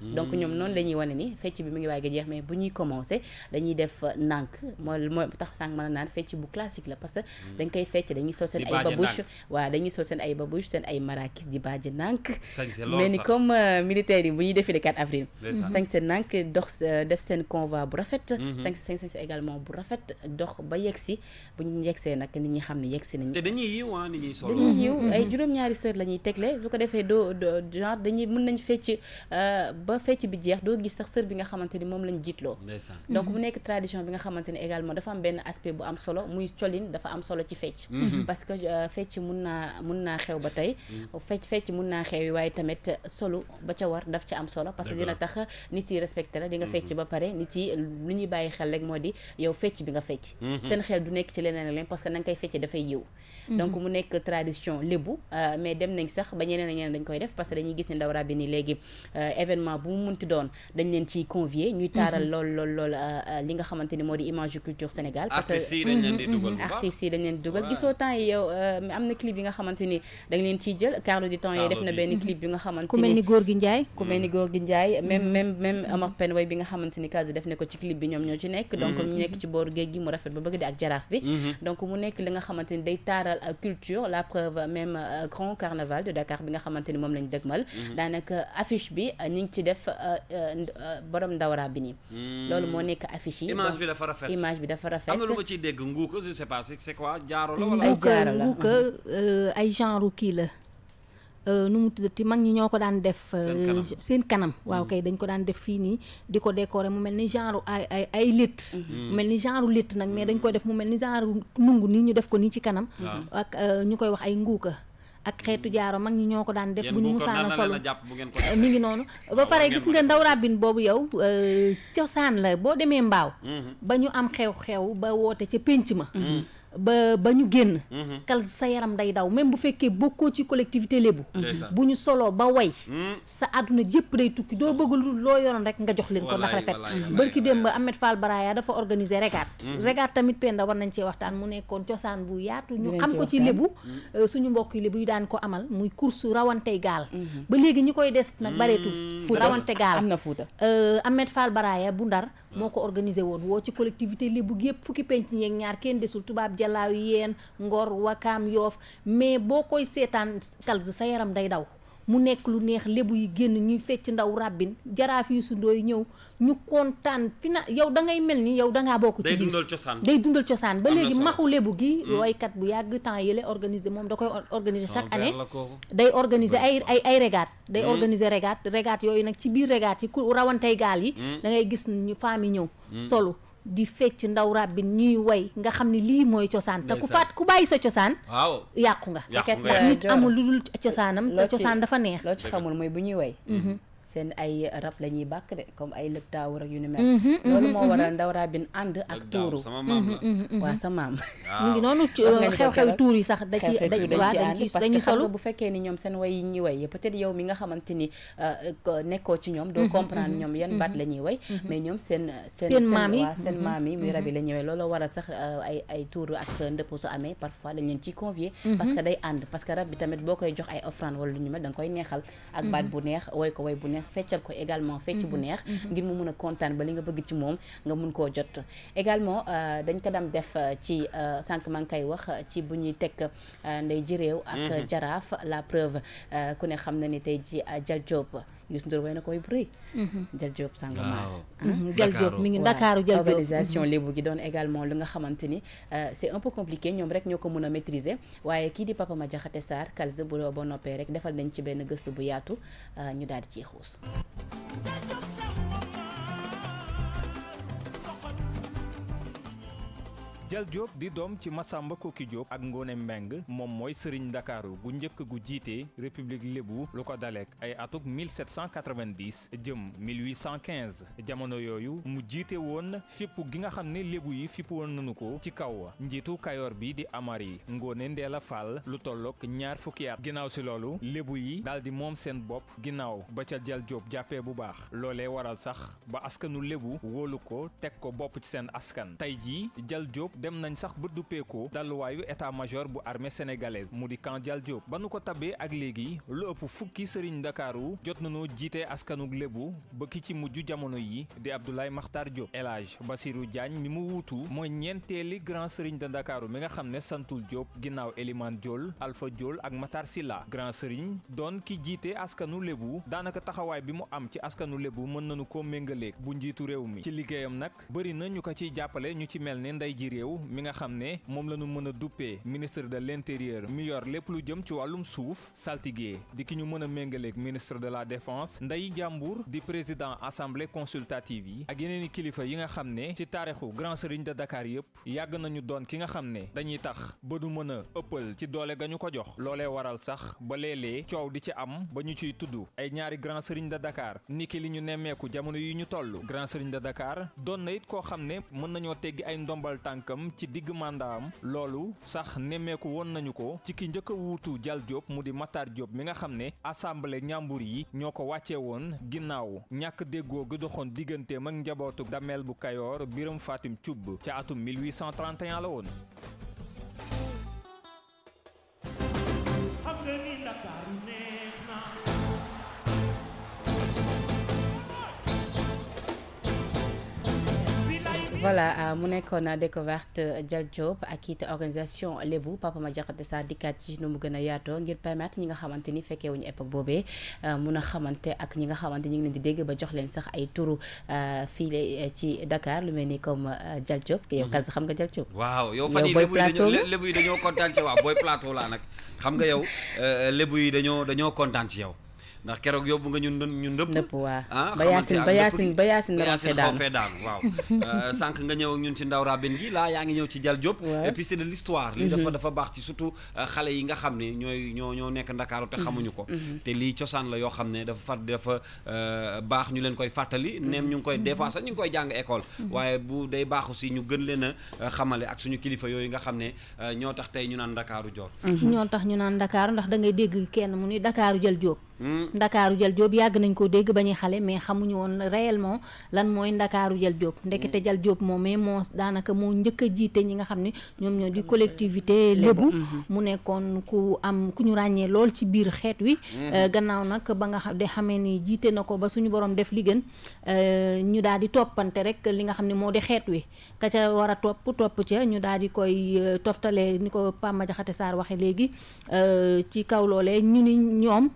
donc ñoom noonu la ñuy wane nii fecc bi mu ngi waaj a jeex mais bu ñuy commencé dañuy def euh, nànk mooy tax sànq mën a naan fecc bu classique la parce que mm. dañ koy fecc dañuy sol seen ay babouche waaw dañuy sol seen ay babouche marakis di baaje nànk mais ni comme euh, militaires yi bu ñuy défilé 4 avril sañ seen nànk dox euh, def seen convoi bu rafet sañ sañ sañ également bu rafet dox ba yegg si bu ñu yegsee nag nit ñi xam ne yegg si nañ te dañuy yiw ah, mm-hmm. ay juróom-ñaari sër la ñuy tegle bu ko defee doo genre dañuy mën nañ fecc ba fecc bi jeex doo gis sax sër bi nga xamante ni moom lañ jiitloo donc mhm. mu nekk tradition bi nga xamante ni également dafa am benn aspect bu am solo muy colin dafa am solo ci fecc mhm. Mhm. parce que euh, fecc mun naa mun naa xew ba tey fecc fecc mun naa xew yi waaye tamit solo ba ca war daf ci am solo parce que dina tax nit yi respecté la di nga fecc ba pare nit yi lu ñuy bàyyi xel rek moo di yow fecc bi nga fecc seen xel du nekk ci leneen leneen parce que na nga koy feccee dafay yiw donc mu nekk tradition lébu euh, mais dem nañ sax ba ñeneen a ñeneen dañ koy def parce que dañuy gis ne ndaw rabbi ni léegi euh, événement événement bu mu munti doon dañ leen ciy convier ñuy taaral mhm. lool lool lool euh, euh, li nga xamante ni image culture Senegal. parce que artistes yi dañ leen di mhm, dugal mhm, gisoo temps yi yow euh, am clip yi nga xamante ni dañ leen ciy jël Carlou du temps yi def na benn clip bi nga xamante ni ku mel ni góor gi Ndiaye ku mel ni góor gi Ndiaye même même même Omar Pène Way bi nga xamante ni def na ko ci clip bi ñoom ñoo ci nekk donc ñu nekk ci booru géej gi mu rafet ba bëgg di ak jaraaf bi donc mu nekk li nga xamante day taaral culture la preuve même grand carnaval de Dakar bi nga xamante mom moom lañ dëgmal daanaka affiche bi ñu ci def euh, euh, euh, borom ndawra bi nii. Hmm. loolu moo nekk affiche yi. image bi dafa rafet image ciy dégg nguuka je sais pas c'est quoi jaaro ay jaaro la nguuka ay genre kii la. nu mu tuddati mag ñi ñoo ko daan def. seen kanam waaw hmm. kay dañ ko daan def fii nii di ko décorer mu mel ni genre ay ay ay hmm. mu mel ni genre létt nag mais dañ koy def mu mel ni genre nungu nii ñu def ko nii ci kanam. ñu koy wax ay nguuka. ak xeetu jaaro mag ñi ñoo ko daan def bu ñu musaana solo mu ngi noonu ba pare gis nga ndaw ràbbin boobu yow euh, cosaan la boo demee mbaaw mm-hmm. ba ñu am xew-xew ba woote ca pénc ma mm-hmm. ba ba ñu génn mhm. kal sa yaram day daw même bu fekkee bokkoo ci collectivité lébu mhm. bu ñu soloo ba way mhm. sa àdduna jëpp day tukki doo bëgg lu loo yoroon rek nga jox leen ko ndax rafet ki démb ba Ahmed Fall dafa organiser regaat regaat tamit Penda war nañ cee waxtaan mu nekkoon cosaan bu yaatu ñu xam ko ci lébu euh, suñu mbokk yi lébu yu daan ko amal muy course rawante gaal ba léegi ñi koy des nag bareetul rawante gaal am na Fuuta euh, Ahmed Fall Baraya bu Ndar moo ko organisé woon woo ci collectivité bugg yëpp fukki penc ñeeg ñaar kenn desul tubaab jalaayu yeen ngor wakaam yoof mais boo koy seetaan kalz sa yaram day daw mu nekk lu neex lébu yi génn ñuy fecc ndaw ràbbin jaraaf yu sundooy ñëw ñu kontaan fina yow da ngay mel ni yow da ngaa bokk. ci biir day dundal cosaan day dundal cosaan ba léegi maxu lébu gi. woykat hmm. bu yàgg temps yële organise moom da koy organiser chaque année. day organiser ay ay ay régates. day hmm. organiser régates régates yooyu nag ci biir régates yi ku rawantey gaal yi. Hmm. dangay ngay gis ñu femmes yi ñëw solo. di fecc ndaw ràbbin ñuy woy nga xam ne lii mooy cosaan te ku faat ku bàyyi sa cosaan yàqu nga fekket nit amul lu dul cosaanam te cosaan dafa neex loo ci xamul mooy bu ñuy woy mm-hmm. seen ay rab la ñuy bàkk de comme ay lëg taawur ak yu ni mel. Mhm, mhm, loolu moo mhm, waral ndawraa bin ànd ak tuuru. yi sax da ci bu fekkee ni ñoom seen way yi ñuy way peut-être yow mi nga xamante ni euh, euh, nekkoo ci ñoom doo comprendre ñoom yan baat la ñuy way mais ñoom seen seen maam yi seen maam yi muy rab yi la ñuy way loolu waral sax euh, ay ay ak ndëpp su amee parfois dañ bi mel da koy neexal ak baat bu neex way ko way bu neex feccal ko également faites bu mhm. neex mhm. ngir mu mun ba li nga bëgg ci mom nga également euh, dañ ko dam def euh, ci euh, sank wax ci buñuy vous ndey la preuve ku ne xam na ni tay ji Youssou Ndour way na ko way bu rëy mhm. Jal Diop Sangomar ah. mhm. Jal job mi ngi Ndakaaru Jal Diop organisation mhm. lébu gi doon également li nga xamanteni euh, c'est un peu compliqué ñom rek ñoko mëna maîtriser waye ki di Papa Ma Jaxate sar Kalze bu ba noppee rek defal nañ ci benn geste bu yaatu euh, ñu daal ci ciy Jal Diop di dom ci Massamba Koki Diop ak Ngone Mbeng mom moy serigne Ndakaaru gu njëkk gu jité République lebu lu dalek ay atuk 1790 jëm 1815 jamono yoyu mu jité won fep gi nga xamné lebu yi fep won nañu ko ci kaw njitu kayor bi di Amari Ngone ndela fal lu tollok ñaar fukki at ginaaw ci lolu lebu yi daldi di sen bop ginaaw ba ca Jal Diop jappé bu baax lolé waral sax ba askanu lebu wolu ko teg ko bop ci sen askan tay ji Jal Diop dem nañ sax ba duppeekoo dalluwaayu état major bu armée sénégalaise mu di camp Dial ba nu ko tabee ak léegi lu ëpp fukki sëriñ ndakaaru jot nañoo jiite askanug lébu ba ki ci mujj jamono yi di Abdoulaye maxtar Diop El Hadj Basirou Diagne mi mu wuutu mooy ñeenteeli grand sëriñ de ndakaaru mi nga xam ne santul Diop ginnaaw Eliman Diol Alpha Diol ak Matar Silla grand sëriñ doon ki jiite askanu lébu daanaka taxawaay bi mu am ci askanu lébu mën nañu ko méngaleeg bu njiitu réew mi ci liggéeyam nag bëri na ko ciy jàppale ñu ci mel ne ndey ji réew réew mi nga xam ne moom la ñu mën a duppee ministre de l' intérieur mi yor lépp lu jëm ci wàllum suuf saltige di ki ñu mën a méngaleeg ministre de la défense Ndeye Diambour di président assemblée consultative yi ak yeneen i kilifa yi nga xam ne ci taarixu grand serigne de Dakar yëpp yàgg nañu doon ki nga xam ne dañuy tax ba du mën a ëppal ci doole ga ñu ko jox loolee waral sax ba léeg coow di ci am ba ñu ciy tudd ay ñaari grand serigne de Dakar niki li ñu nemmeeku jamono yi ñu toll grand serigne de Dakar itam ci digg mandam lolu sax nemeku won nañu ko ci ki ñëk a wuutu Jal Diop mu di Matar Diop mi nga xamne assemblée ñambur yi ñoko wacce won ginnaw ñak deggo gu doxon mak damel bu kayor biram fatim ciub ci atum 1831 la ni ne Mm-hmm. voilà euh, mu nekkoon découverte Dial euh, Diop ak it organisation Lebu Papa ma jaxate sa dikkaat ci nu mu gën a ngir permettre ñi nga xamante ni wuñu époque bobé euh, mun a ak ñi nga ñu ngi leen di dégg ba jox leen sax ay fi lé ci Dakar lu mel ni comme Dial Diop. yow mm-hmm. kan xam nga Dial Diop. waaw yow fan yii Lebu yi dañoo kontaan ci wa boy plateau la nak xam nga yow Lebu yi dañoo dañoo ci yow. ndax kérok yobbu nga ñun ñun ndëpp ndëpp bayasin bayasin bayasin bayasin yaasin ba yaasin ba daan waaw <laughs> eh, sank nga ñëw ak ñun ci ndaw ben gi la yaa ñëw ci jal job. et puis c'est de l'histoire li dafa mhm. dafa bax ci surtout eh, xalé yi nga xamné ñoy ñoo ñoo nekk ndakaaru te mhm. xamuñu ko mhm. te li ciosan la yo xamné dafa fat dafa eh, bax ñu leen koy fatali nem ñu koy des fois sax ñu koy jang école waye bu day baaxu si ñu gën leena xamalé ak suñu kilifa yoy nga xamné ño tax tay ñu naan ndakaaru joor ño tax ñu naan ndakaaru ndax da ngay dégg kenn mu ni dakaaru jël job ndakaru jël job yag nañ ko dégg bañi xalé mais xamuñu won réellement lan moy ndakaru jël job mm. ndekete jal jóob moom mais mo danaka mo njëkk jité ñi nga xamni ñom ñoo di collectivité lebu mm-hmm. mu nekkoon ku am ku ñu ràññee lool ci biir xéet wi mm-hmm. euh, gannaaw nak ba nga de ni jité nako ba suñu borom def li gën euh, ñu daal di toppante rek li nga xamni mo di xéet wi ka ca wara top top topp ca ñu daal di koy euh, toftalé ni ko xaté sar waxé légui euh ci kaw lolé ñu ni ñom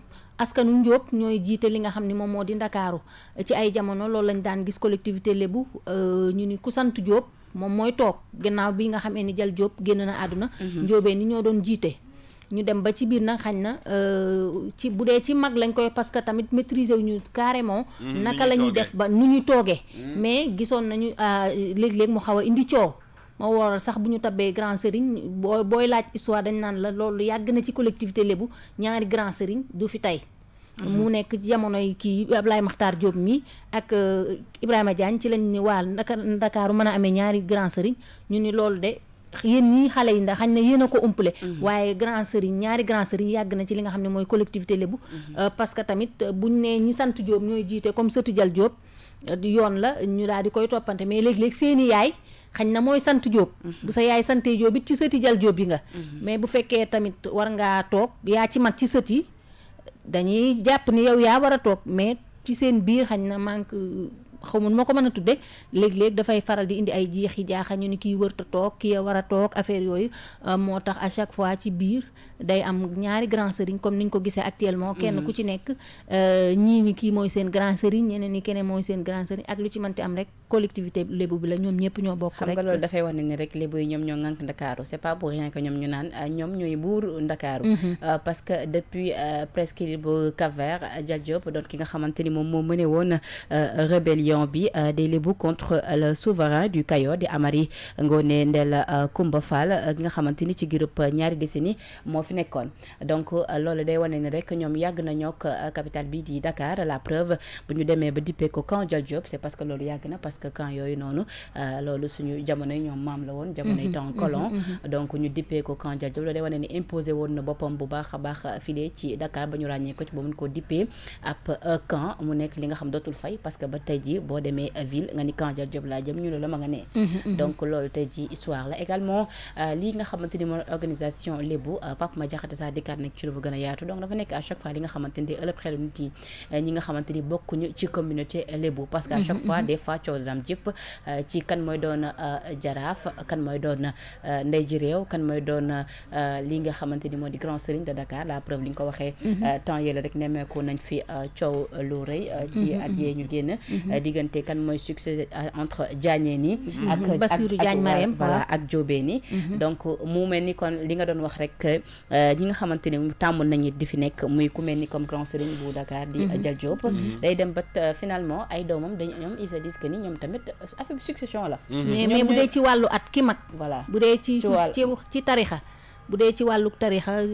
askanu Njóob ñooy jiite li nga xam ni moom moo di Ndakaaru ci ay jamono loolu lañ daan gis collectivité lébu euh, ñu ni ku sant Jóob moom mooy toog gannaaw bi nga xamee ni Jal Jóob génn na àdduna mhm. njóobee ni ñoo doon jiite ñu dem ba ci biir nag xañ na euh, ci bu dee ci mag lañ koy parce que tamit maîtriser wu ñu carrément mm, naka la ñuy def ba nu ñu toogee mm. mais gisoon nañu euh, léeg-léeg mu xaw a indi coow moo waral sax bu ñu tabee grand sëriñ booy booy laaj histoire dañ naan la loolu yàgg na ci collectivité lébu ñaari grand fi tey mu mhm. nekk jamonoy kii Ablaye Makhtar jóob mi ak euh, Ibrahima Diagne ci lañ ni waa naka Ndakaaru mën a amee ñaari grand sëriñ ñu ni loolu de yéen ñii xale yi ndax xañ na yéen a ko umpale mhm. waaye grand ñaari grand yàgg na ci li nga xam ne mooy collectivité lébu mhm. euh, parce que tamit euh, buñ nee ñi sant Diop ñooy jiite comme sëtu Jal Diop yoon la ñu daal di koy toppante mais léeg-léeg seeni yaay xañ na mooy sant jóob bu sa yaay sante jóob it ci sëti jal jóob yi nga mais bu fekkee tamit war ngaa toog yaa ci mat ci sët yi dañuy jàpp ni yow yaa war a toog mais ci seen biir xañ na manque xaw ma ko mën a tudde léeg-léeg dafay faral di indi ay jeexi jaaxa ñu ni kii wërta toog kii war a toog affaire yooyu euh, moo tax à chaque fois ci biir day am ñaari grand sëriñ comme niñ ko gisee actuellement kenn mm-hmm. ku ci nekk euh, ñii ñi kii mooy seen grand sëriñ ñeneen ñi keneen mooy seen grand ak lu ci mënti am rek collectivité lébu bi la ñoom ñëpp ñoo bokk rek xam nga loolu dafay wax ne ni rek lébu ñoom ñoo ŋànk Ndakaaru c'est pas pour rien ñoom ñu naan euh, ñoom ñooy buur Ndakaaru mm-hmm. parce ki nga xamante ni moom moo mëne bi euh, des Lebu contre le souverain du Kayor de Amari Ngone Ndel euh, Kumba Fall euh, nga xamanteni ci groupe ñaari décennie mo fi nekkoon donc lolu day wone ni rek ñom yag nañoo ak capital bi di Dakar la preuve buñu démé ba dippee ko camp Dial Diop c'est parce que lolu yag na parce que camp yoyu nonu lolu suñu jamono ñom mam la won, jamono mhm, tan mhm, colon mhm, donc ñu dippee ko camp Dial Diop lolu day wone ni imposé won na bopam bu baax baax ci Dakar bañu ragné ko ci ba mun koo dippee camp mu nekk li nga xam dootul fay parce que ba tay ji boo demee ville nga ni Kandja job la jëm ñu ne la ma nga né mm-hmm, mm-hmm. donc lool tay ji histoire la également euh, li nga xamante mo organisation lébu euh, Pape Ma jaxata sa dikat nag ci lu bu gën a yaatu donc dafa nek à chaque fois li nga xamante ni day ëllëg nit yi euh, ñi nga xamante bokku ñu ci communauté lébu parce que à chaque mm-hmm, fois des fois coow dam jëpp ci kan moy doon jaraaf kan moy doon ndey ji réew kan moy doon li nga xamante ni di grand serigne de Dakar la preuve li nga ko waxee temps yële rek némé ko nañ fi ciow lu reuy ci at yee ñu génn diggante kan moy succès euh, entre Diagneen yi. Mhm. ak mhm. Bassirou Diagne euh, voilà ak Diobéen mhm. donc euh, mu mel ni kon li nga doon wax rek ñi nga xamanteni ne tàmmoon nañu di fi nek muy ku melni ni comme grand serigne bu Dakar di Dial Diop. day dem ba finalement ay domam dañ ñom ils se disent que ni ñoom tamit affaire succession la. mais bu dee ci walu at ki mag. voilà bu dee ci ci ci tarixa bu ci walu tarixa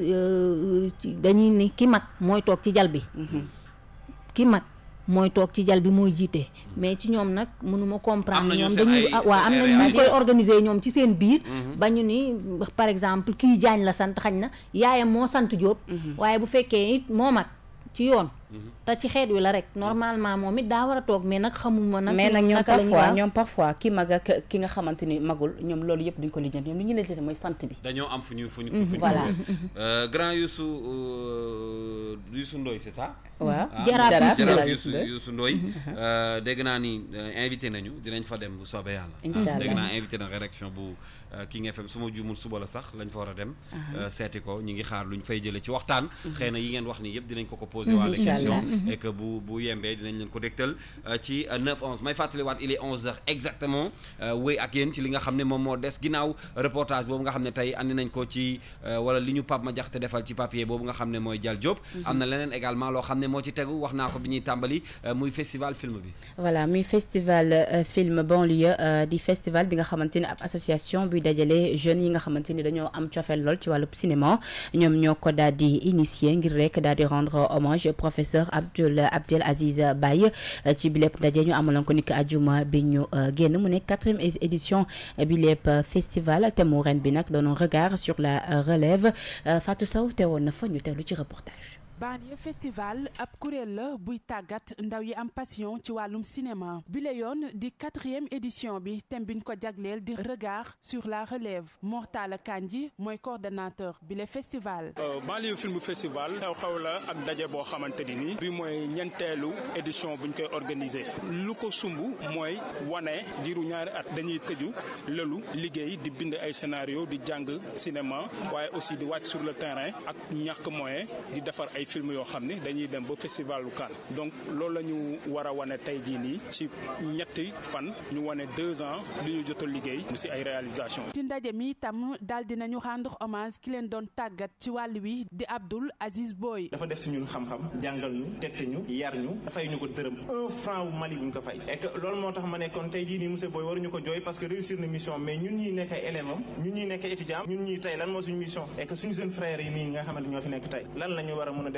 dañuy ni ki mag moy tok ci jal ki mag. mooy toog ci jal bi mooy jiite mais ci ñoom nag mënuma comprendre ñoom dañuy ah, waaw am nañ ñu koy organiser ñoom ci seen biir mhm. ba ñu ni par exemple kii jaañ la sant xañ na yaayam moo sant Jóob mhm. waaye bu fekkee it moo mag ci yoon. Mhm. te ci xeet wi la rek normalement moom it daa war a toog mais nag xamuma nag. mais nag ñoom parfois ñoom parfois ki mag ak ki nga xamante ni magul ñoom loolu yëpp duñ ko lijjanti ñoom li ñu lijjanti mooy sant bi. dañoo am fu ñu fu ñu. Mhm. voilà euh, grand Youssou euh, Youssou Ndoye c'est ça. waaw ah, jaraaf Youssou Youssou Ndoye. Mhm. Euh, dégg naa ni invité nañu dinañ fa dem bu soobee yàlla. incha allah dégg naa invité na rédaction bu. Euh, King FM su jumul juumul suba la sax lañ fa wara dem. Euh, seeti ko ñu ngi xaar luñ fay jël ci waxtaan. Mhm. xëy yi ngeen wax ni yépp dinañ ko ko poser wa les questions et que bu bu yembee dinañ leen ko dégtal euh, ci 9 11 may fatali wat il est 11 h exactement way ak yéen ci li nga xamné mom mo dess ginaaw reportage bobu nga xamné tay andi nañ ko ci wala liñu pap ma Madiakhté defal ci papier bobu nga xamné moy Dial Diop. Mhm. amna na leneen également lo xamné mo ci tegu waxna ko biñuy tambali muy festival film bi. voilà muy festival film banlieue di festival bi nga xamante ab association bi buy dajale jeunes yi nga xamanteni ni dañoo am cofeel lol ci walu cinéma ñom ñoko daldi initier ngir rek daldi rendre hommage professeur Abdoul Abdel Aziz Baye ci bilep dajé ndaje ñu amaloon ko niki ajuma bi ñu euh, génn mu 4e édition euh, bilep euh, festival thème mu ren bi nag regard sur la relève Fatou Sow teewoon na fa ñu teewlu ci reportage. Banlieue festival ab kuréel la buy tagat ndaw yi am passion ci walum cinéma bi la di quatrième édition bi thème biñ ko di regard sur la relève Mortala Kandi, moi coordonnateur bi festival. Euh, Banlieue film festival xew-xew la ak ndaje bo xamante ni bi édition buñ koy organiser lu ko sumb mooy wane diru ñaari at dañuy tëju lëlu liggéey di bind ay scénario di jang cinéma Waye aussi di wàcc sur le terrain ak ñàkk moyen di defar film yoo xam ni dañuy dem ba festival lu Cannes donc loolu la ñu war a wane tey jii nii ci ñetti fan ñu wane deux ans li ñu jot a liggéey mu si ay réalisation ci ndaje mi itam daal dinañu rendre hommage ki leen doon tàggat ci wàll wi di Abdoul Aziz Boy dafa def si ñun xam-xam jàngal ñu tette ñu yar ñu dafay ñu ko dërëm un franc Mali bu ñu ko fay et que moo tax ma ne kon jii nii monsieur Boy waruñu ko jooy parce que réussir na mission mais ñun ñuy nekk ay élève ñoo fi nekk tey la ñu a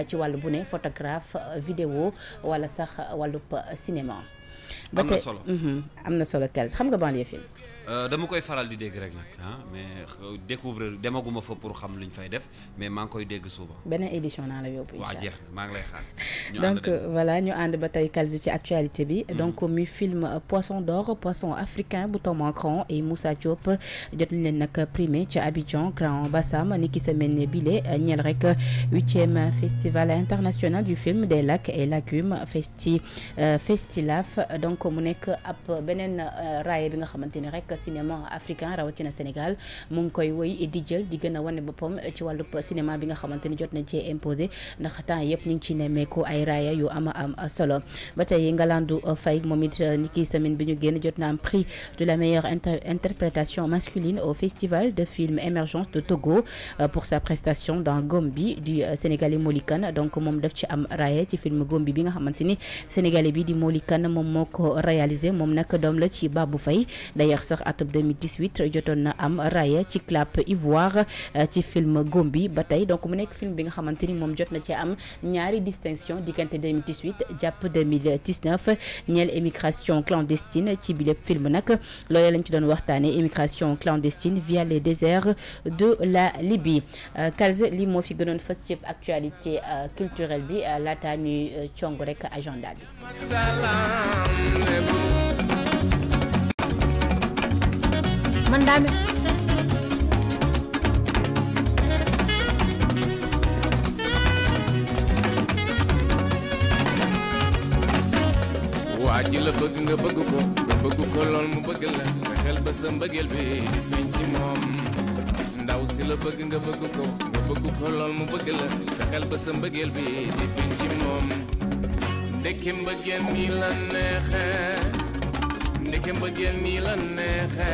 Euh, ci walu bu ne photographe euh, vidéo wala sax euh, wàllub cinéma. amna solo ba mhm, solo Kals xam nga banlieue film euh, dama koy faral di dégg rek nag ah mais découvrir demaguma fa pour xam luñ fay def mais maa ngi koy dégg souvent. beneen édition naa la yóbbu. incha allah maa ngi lay xaar. <laughs> donc voilà ñu ànd ba tey Kalzi ci actualité bi. Mhm. donc mi film euh, Poisson d'or Poisson africain bu Tom Ancran et Moussa Diop euh, jot nañ leen nag primé ca Abidjan Grand Bassam ni ki semaine bile ñeel rek huitième festival international du film des lacs et lagunes festi Festilaf donc mu nekk ab beneen raaya bi nga xamante ni rek cinéma africain rawatina Sénégal mu ngi koy woy di jël di gëna wone bopom ci walu cinéma bi nga xamanteni jot na imposé ndax temps yépp ñu ngi ciy ko ay raaya yu ama am solo ba euh, am prix de la meilleure interprétation masculine au festival de Films émergence de Togo euh, pour sa prestation dans Gombi du euh, Sénégalais Molikan donc mom daf ci am raaya ci film Gombi bi nga Sénégalais bi di Molikan mom moko réaliser réalisé nak dom la ci d'ailleurs top 2018 jotone na am rayé ci clap Ivoire euh, ci film Gombi batay donc mu un film bi nga xamanteni mom jotna ci am ñaari distinction diganté 2018 japp 2019 ñel émigration clandestine ci bi film nak loye lañ ci doon waxtaanee émigration clandestine via les déserts de la Libye euh, calze li mo fi gënoon fess ci actualité euh, culturelle bi la ñuy cong rek agenda bi. man daame waa ji la bëgg nga bëgg ko la nga xel ba sa mbëggeel bi di feeñ moom ndaw si la bëgg nga la nga xel ba sa mbëggeel bi di feeñ moom ndeke mbëggeel nii neexe ndeke mbëggeel nii neexe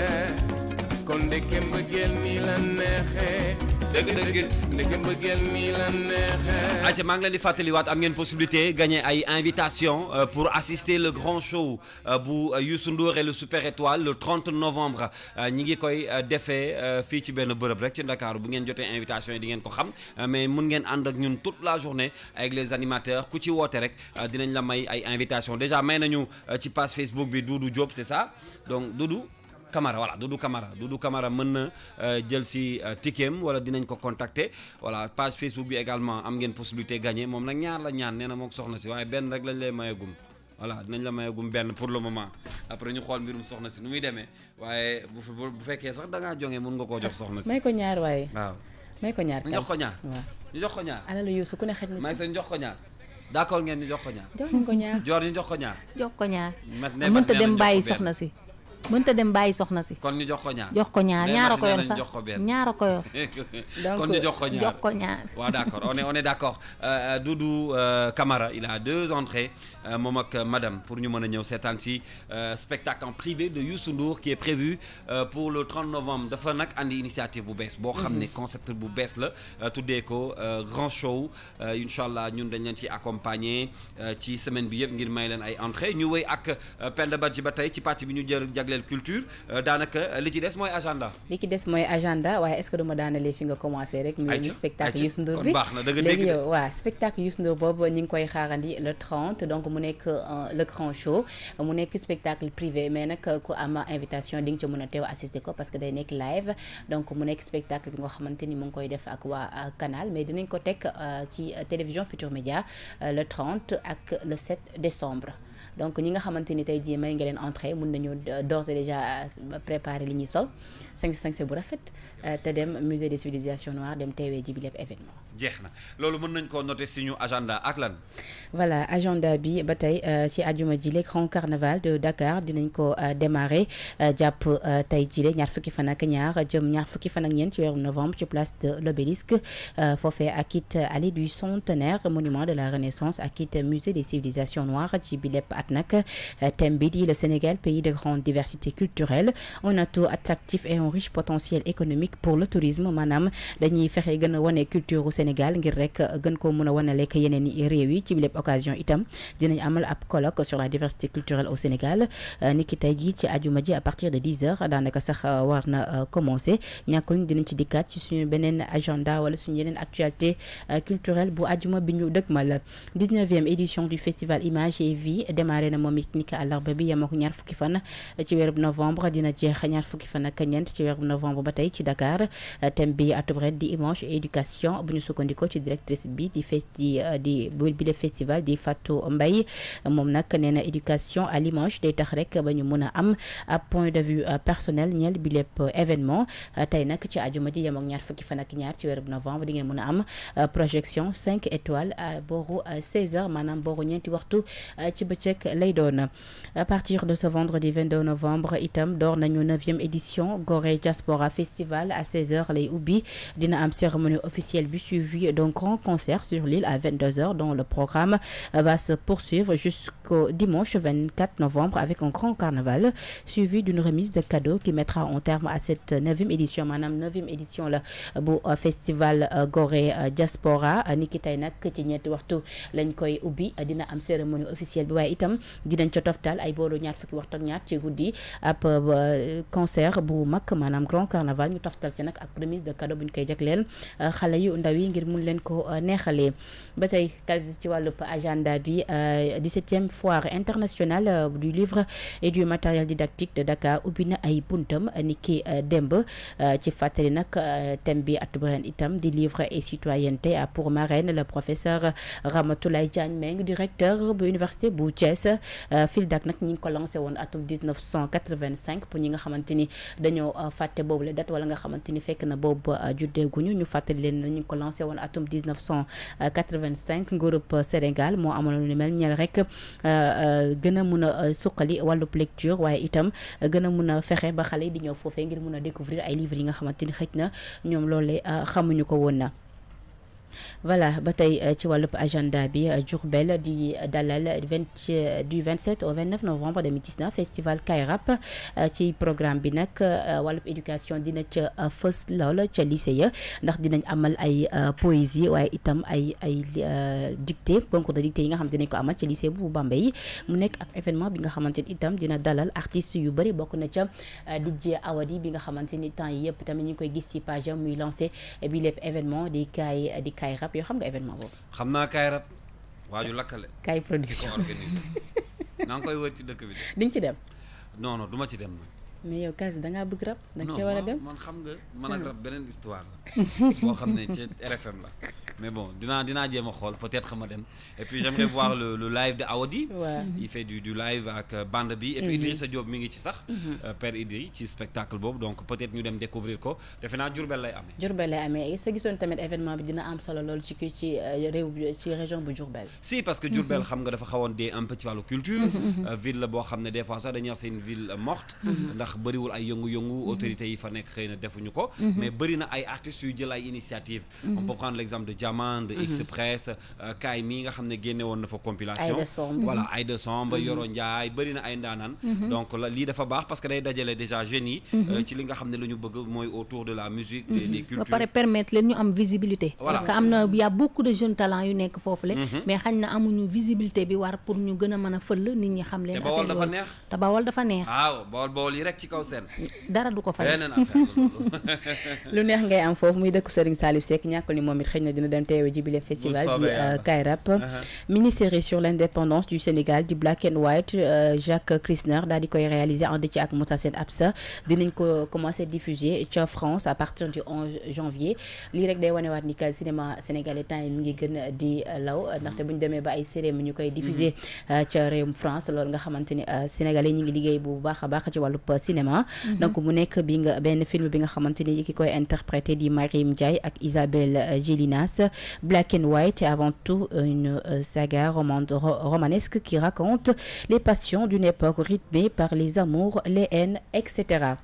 kon ndeke mbëggeel nii la neexee dëgg dëgg ndeke mbëggeel nii la neexee aca maa ngi leen di fàttaliwaat am ngeen possibilité gagner ay invitation euh, pour assister le grand show euh, bu euh, Youssou Ndour et le super étoile le 30 novembre ñi ngi koy defee fii ci benn bërëb rek ci Dakar bu ngeen jotee invitation yi di ngeen ko xam mais mun ngeen ànd ak ñun toute la journée avec les animateurs ku ci woote rek dinañ la may ay invitation déjà may nañu ci page Facebook bi Doudou Diop c'est ça donc Doudou Camara voilà Doudou Camara Doudou Camara mën na euh, jël si euh, tikem wala dinañ ko contacter voilà page Facebook bi également am ngeen possibilité gagné moom nag ñaar la ñaan nee na mook soxna si waaye benn rek lañ lay mayagum voilà dinañ la mayagum benn pour le moment après ñu xool mbirum soxna si nu muy demee waaye bu bu fekkee sax da ngaa jonge mën nga koo jox soxna si. may ko ñaar waaye. waaw may ko ñaar. ñu ko ñaar waaw ñu jox ko ñaar. alalu Youssou ku ne xaj na ci may sa ñu ko ñaar. d'accord ñu jox ko ñaar. joor ñu jox ko ñaar. jox si mënta dem bàyyi soxna si. kon ñu jox ko ñaar jox ko ñaar ñaara ko yor sax ko yor. <laughs> donc kon ñu jox ko ñaar jox ko ñaar. wa d'accord on est on est d'accord. accord euh, euh, Doudou euh, Camara il a deux entrées. Euh, moom euh, madame pour nous mener au ñëw si euh, spectacle en privé de Youssou Ndour qui est prévu pour le 30 novembre dafa nag andi initiative bu bees boo xam ne mhm. concept bu bees la déco, ko grand show une allah ñun dañ leen ci accompagner ci semaine bi nous ngir may leen ay entrée ñu wéy ak Penda bataille ba tey ci nous bi ñu jël jagleel culture daanaka li ci des mooy agenda li ci des mooy agenda ouais, est-ce que nous daanalee fi nga commencé rek avec spectacle Youssou Ndour bi léegi spectacle Youssou Ndour boobu koy xaarandi le 30 donc mu nekk euh, le grand show mu spectacle privé mais invitation assister parce que day live donc mu spectacle bi nga euh, canal mais dinañ ko euh, télévision Futur Média le 30 le 7 décembre donc ñi nga xamanteni tay ji may entrée nañu déjà préparer bu musée des civilisations noires dem événement nañ agenda ak lan. voilà agenda bi batay c'est euh, ci àjjuma grand carnaval de Dakar dinañ ko euh, démarrer euh, japp tay jilé ñaar fukki fan ak ñaar jëm ñaar fukki novembre ci place de l'obélisque fofé ak it du centenaire monument de la renaissance ak musée des civilisations noires ci Atnak Tembidi, le Sénégal pays de grande diversité culturelle un atout attractif et un riche potentiel économique pour le tourisme manam dañuy fexé gëna woné wane culture Sénégal ngir rek uh, gën ko mëna wonalé yenen réew yi ci lépp occasion itam dinañ amal ab colloque sur la diversité culturelle au Sénégal uh, Niki ki tey ci ji à partir de 10 heures naka sax uh, war na commencé ñàkkul ñu dinañ ci dikkat ci suñu benen agenda wala suñu yenen actualité culturelle bu ajuma bi ñu dëgmal 19e édition du festival Image et Vie démarré na moom it à ki bi yemoo ñaar fukki fan ci weerub novembre dina jeex ñaar fukki fan ak ñent ci weerub novembre batay ci Dakar thème bi atub di image éducation buñu sukkandikoo ci directrice bi di festi di eh, bi le festival di Fatou Mbaye mom nak nena éducation à l'image day tax rek ba ñu am a eh, point de vue eh, personnel ñel bi lépp événement tay nak ci ajuma ji yam ak ñaar fukki fan ak ñaar ci weeru novembre di ngeen mëna am projection cinq étoiles à 16h seize heures. ñenti waxtu ci bëccëg lay doon à partir de ce vendredi 22 novembre itam dor nañu neuvième édition Gorée Diaspora Festival à 16h lay ubi. dina am cérémonie officielle bi suivi suivi d'un grand concert sur l'île à 22h dont le programme euh, va se poursuivre jusqu'au dimanche 24 novembre avec un grand carnaval suivi d'une remise de cadeaux qui mettra en terme à cette 9e édition Madame 9e édition le euh, bu euh, festival Gorée Diaspora ni ki tey Ubi ci ñetti waxtu dina am cérémonie officielle bi item itam dinañ ca toftal ay boolu ñaar concert bu mak manam grand carnaval ñu toftal ci ak remise de cadeaux bu ñu koy ngir mun leen ko euh, neexalee Bataille, tey kalsi ci agenda bi 17e euh, foire internationale euh, du livre et du matériel didactique de Dakar Ubina aipuntum euh, niki dembe Tifatelinak, Tembi Atubren ci itam des livre et citoyenneté à pour marraine le professeur Ramatoulaye Diagne directeur de l'université bouches Thiès FILDAC nag ñi ko lancé 1985 pour ñi nga xamante ni dañoo fàtte le la date wala nga xamante fekk na ñu leen ñu lancé 1985 2025 nguurub Sénégal moo amoon lu ni mel ñeel rek euh, euh, gën a mun a euh, suqali wàllub lecture waaye itam gën a mun a fexe ba xale yi di ñëw foofee ngir mun a découvrir ay livres yi nga xamante ni xëj na ñoom loolee xamuñu ko woon na voilà ba euh, ci walup agenda bi euh, Diourbel di euh, dalal du 27 au 29 novembre 2019 festival Kayrap ci programme bi nak walup éducation dina ca feus lol ca lycée ndax dinañ amal ay poésie waye itam ay ay dictée concours de dictée yi nga xam dinañ ko amal ci lycée bu Bambey mu nek ak événement bi nga xamanteni itam dina dalal artiste yu bari bokku na ca DJ Awadi bi nga xamanteni temps yépp yëpp tamit ñu koy gis ci page muy lancé bi événement di kay di kaay rap yoo xam nga événement boobu. xam naa kaay rap waaju lakkale. kaay production di ko koy wër ci dëkk bi. di ci dem. non non ci dem nag. mais yow kaas da ngaa bëgg rab. da nga cee war a dem man xam nga man ak hmm. rab beneen histoire la. boo xam ne ci RFM la. mais bon dinaa dinaa jéem a xool peut-être xam dem et puis j'aimerais voir le le live de Awadi. waaw il fait du du live ak euh, bande bi. et puis mhm. Idrissa Diop mi ngi ci sax. Mhm. Euh, Père Idri ci spectacle boobu donc peut-être ñu dem découvrir ko defe naa Diourbel lay amee. Diourbel lay amee sa gisoon tamit événement bi dina am solo lool ci ci euh, réew ci région bu Diourbel. si parce que Diourbel mhm. xam nga dafa xawoon dee un peu ci wàllu culture. ville la boo xam ne des fois sax dañuy wax c'est une ville morte ndax bëriwul ay yëngu-yëngu mhm. autorité yi fa nekk xëy na defuñu ko mhm. mais bëri na ay artistes yu jël ay initiative mhm. on peut prendre l'exemple de Diamant de X Press euh, Kaay mi nga xam ne génne woon na fa compilation voilà Aïda Somb Yoro Ndiaye bëri na ay ndaanaan donc lii dafa baax parce que day dajale déjà jeunes yi euh, ci li nga xam ne lu ñu bëgg mooy autour de la musique des des cultures ba pare permettre leen ñu am visibilité parce que am na y a beaucoup de jeunes talents yu nekk foofu le mais xañ na amuñu visibilité bi war pour ñu gën a mën a fëll nit ñi xam leen te bawol dafa neex te bawol dafa neex waaw bawol bawol yi rek teg ci kaw seen. dara du ko fay yeneen <laughs> lu neex ngay am foofu muy dëkk Serigne Salif Seck ñàkkul ni moom it dina dem teewe ji festival di euh, hein. Kairap uh-huh. mini-série sur l'indépendance du Sénégal di Black and White euh, Jacques Krisner daal di koy réaliser ànd ci ak Moussa Sène Absa dinañ ko commencer diffuser ca France à partir du 11 janvier lii rek day wanewaat ni que cinéma sénégalais temps yi mi ngi gën di euh, law ndaxte bu ñu demee ba ay série mi ñu diffuser mm-hmm. ca réewum France loolu nga xamante sénégalais ñi ngi liggéey bu baax baax ci wàllu cinéma mhm. donc mu nek bi nga film bi nga xamanteni interprété di Marie jay ak Isabelle Gélinas euh, Black and White est avant tout euh, une euh, saga romanesque qui raconte les passions d'une époque rythmée par les amours les haines etc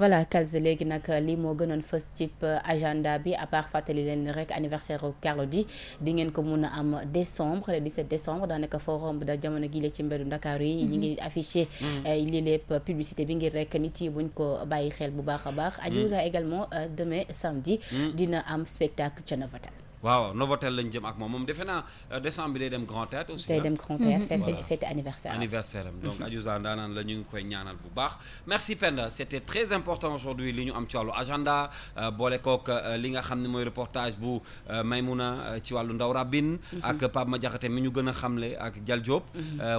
voilà Kals léegi nak euh, li mo gënoon fës ci euh, agenda bi à part fàttali len rek anniversaire Carlo di di ngeen ko mëna am décembre le 17 décembre le forum da jamono gi la ci mbedu Dakar yi ñi mhm. ngi affiché mhm. euh, li lépp publicité bi ngir rek nit yi buñ ko bayyi xel bu baax a mhm. également demain samedi dina am spectacle Thiénaba Tall waaw Novotel lañ jëm ak moom moom defe naa euh, décembre bi day dem Grand Théâtre aussi day hein? dem Grand Théâtre mhm. fête fête anniversaire anniversaire am mhm. donc Adiouza daanaan la ñu ngi koy ñaanal bu baax merci Penda c'était très important aujourd'hui li ñu am ci walu agenda euh, boole kook euh, li nga xam moy reportage bu maymouna ci walu ndaw rabin mhm. ak Pape Madiakhaté mi ñu gëna xamlé ak Dial Diop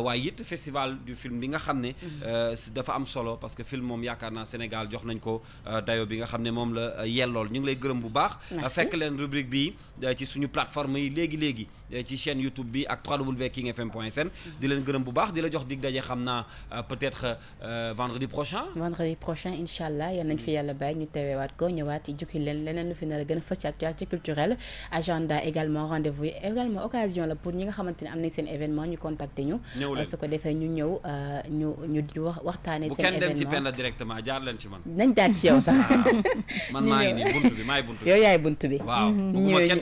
waaye it festival du film bi nga xamné dafa am solo parce que film moom yakarna Sénégal jox nañ ko dayo bi nga xamné ne moom la yellool ñu ngi lay gërëm bu baax fekk leen rubrique bi eh, ci suñu plateforme yi léegi léegi eh, ci chaîne YouTube bi ak www.kingfm.sn mhm. di leen gërëm bu baax di la jox dig daje xam naa eh, peut-être vendredi prochain. vendredi prochain inshallah allah yal nañu fi mhm. yàlla bay ñu teeweewaat ko ñëwaat ci jukki leen leneen lu fi nar a gën a fës ci actualité culturelle agenda également rendez-vous également occasion la pour ñi nga xamante ne am nañ seen événement ñu contacter ñu. ñëw su ko defee ñu ñëw ñu ñu di wax waxtaanee. seen événement bu kenn dem ci Penda directement jaar leen ci man. nañ jaar ci yow sax. <laughs> Ah, man <laughs> maa ngi nii buntu bi maay buntu bi yow yaay buntu bi. waaw <laughs> kenn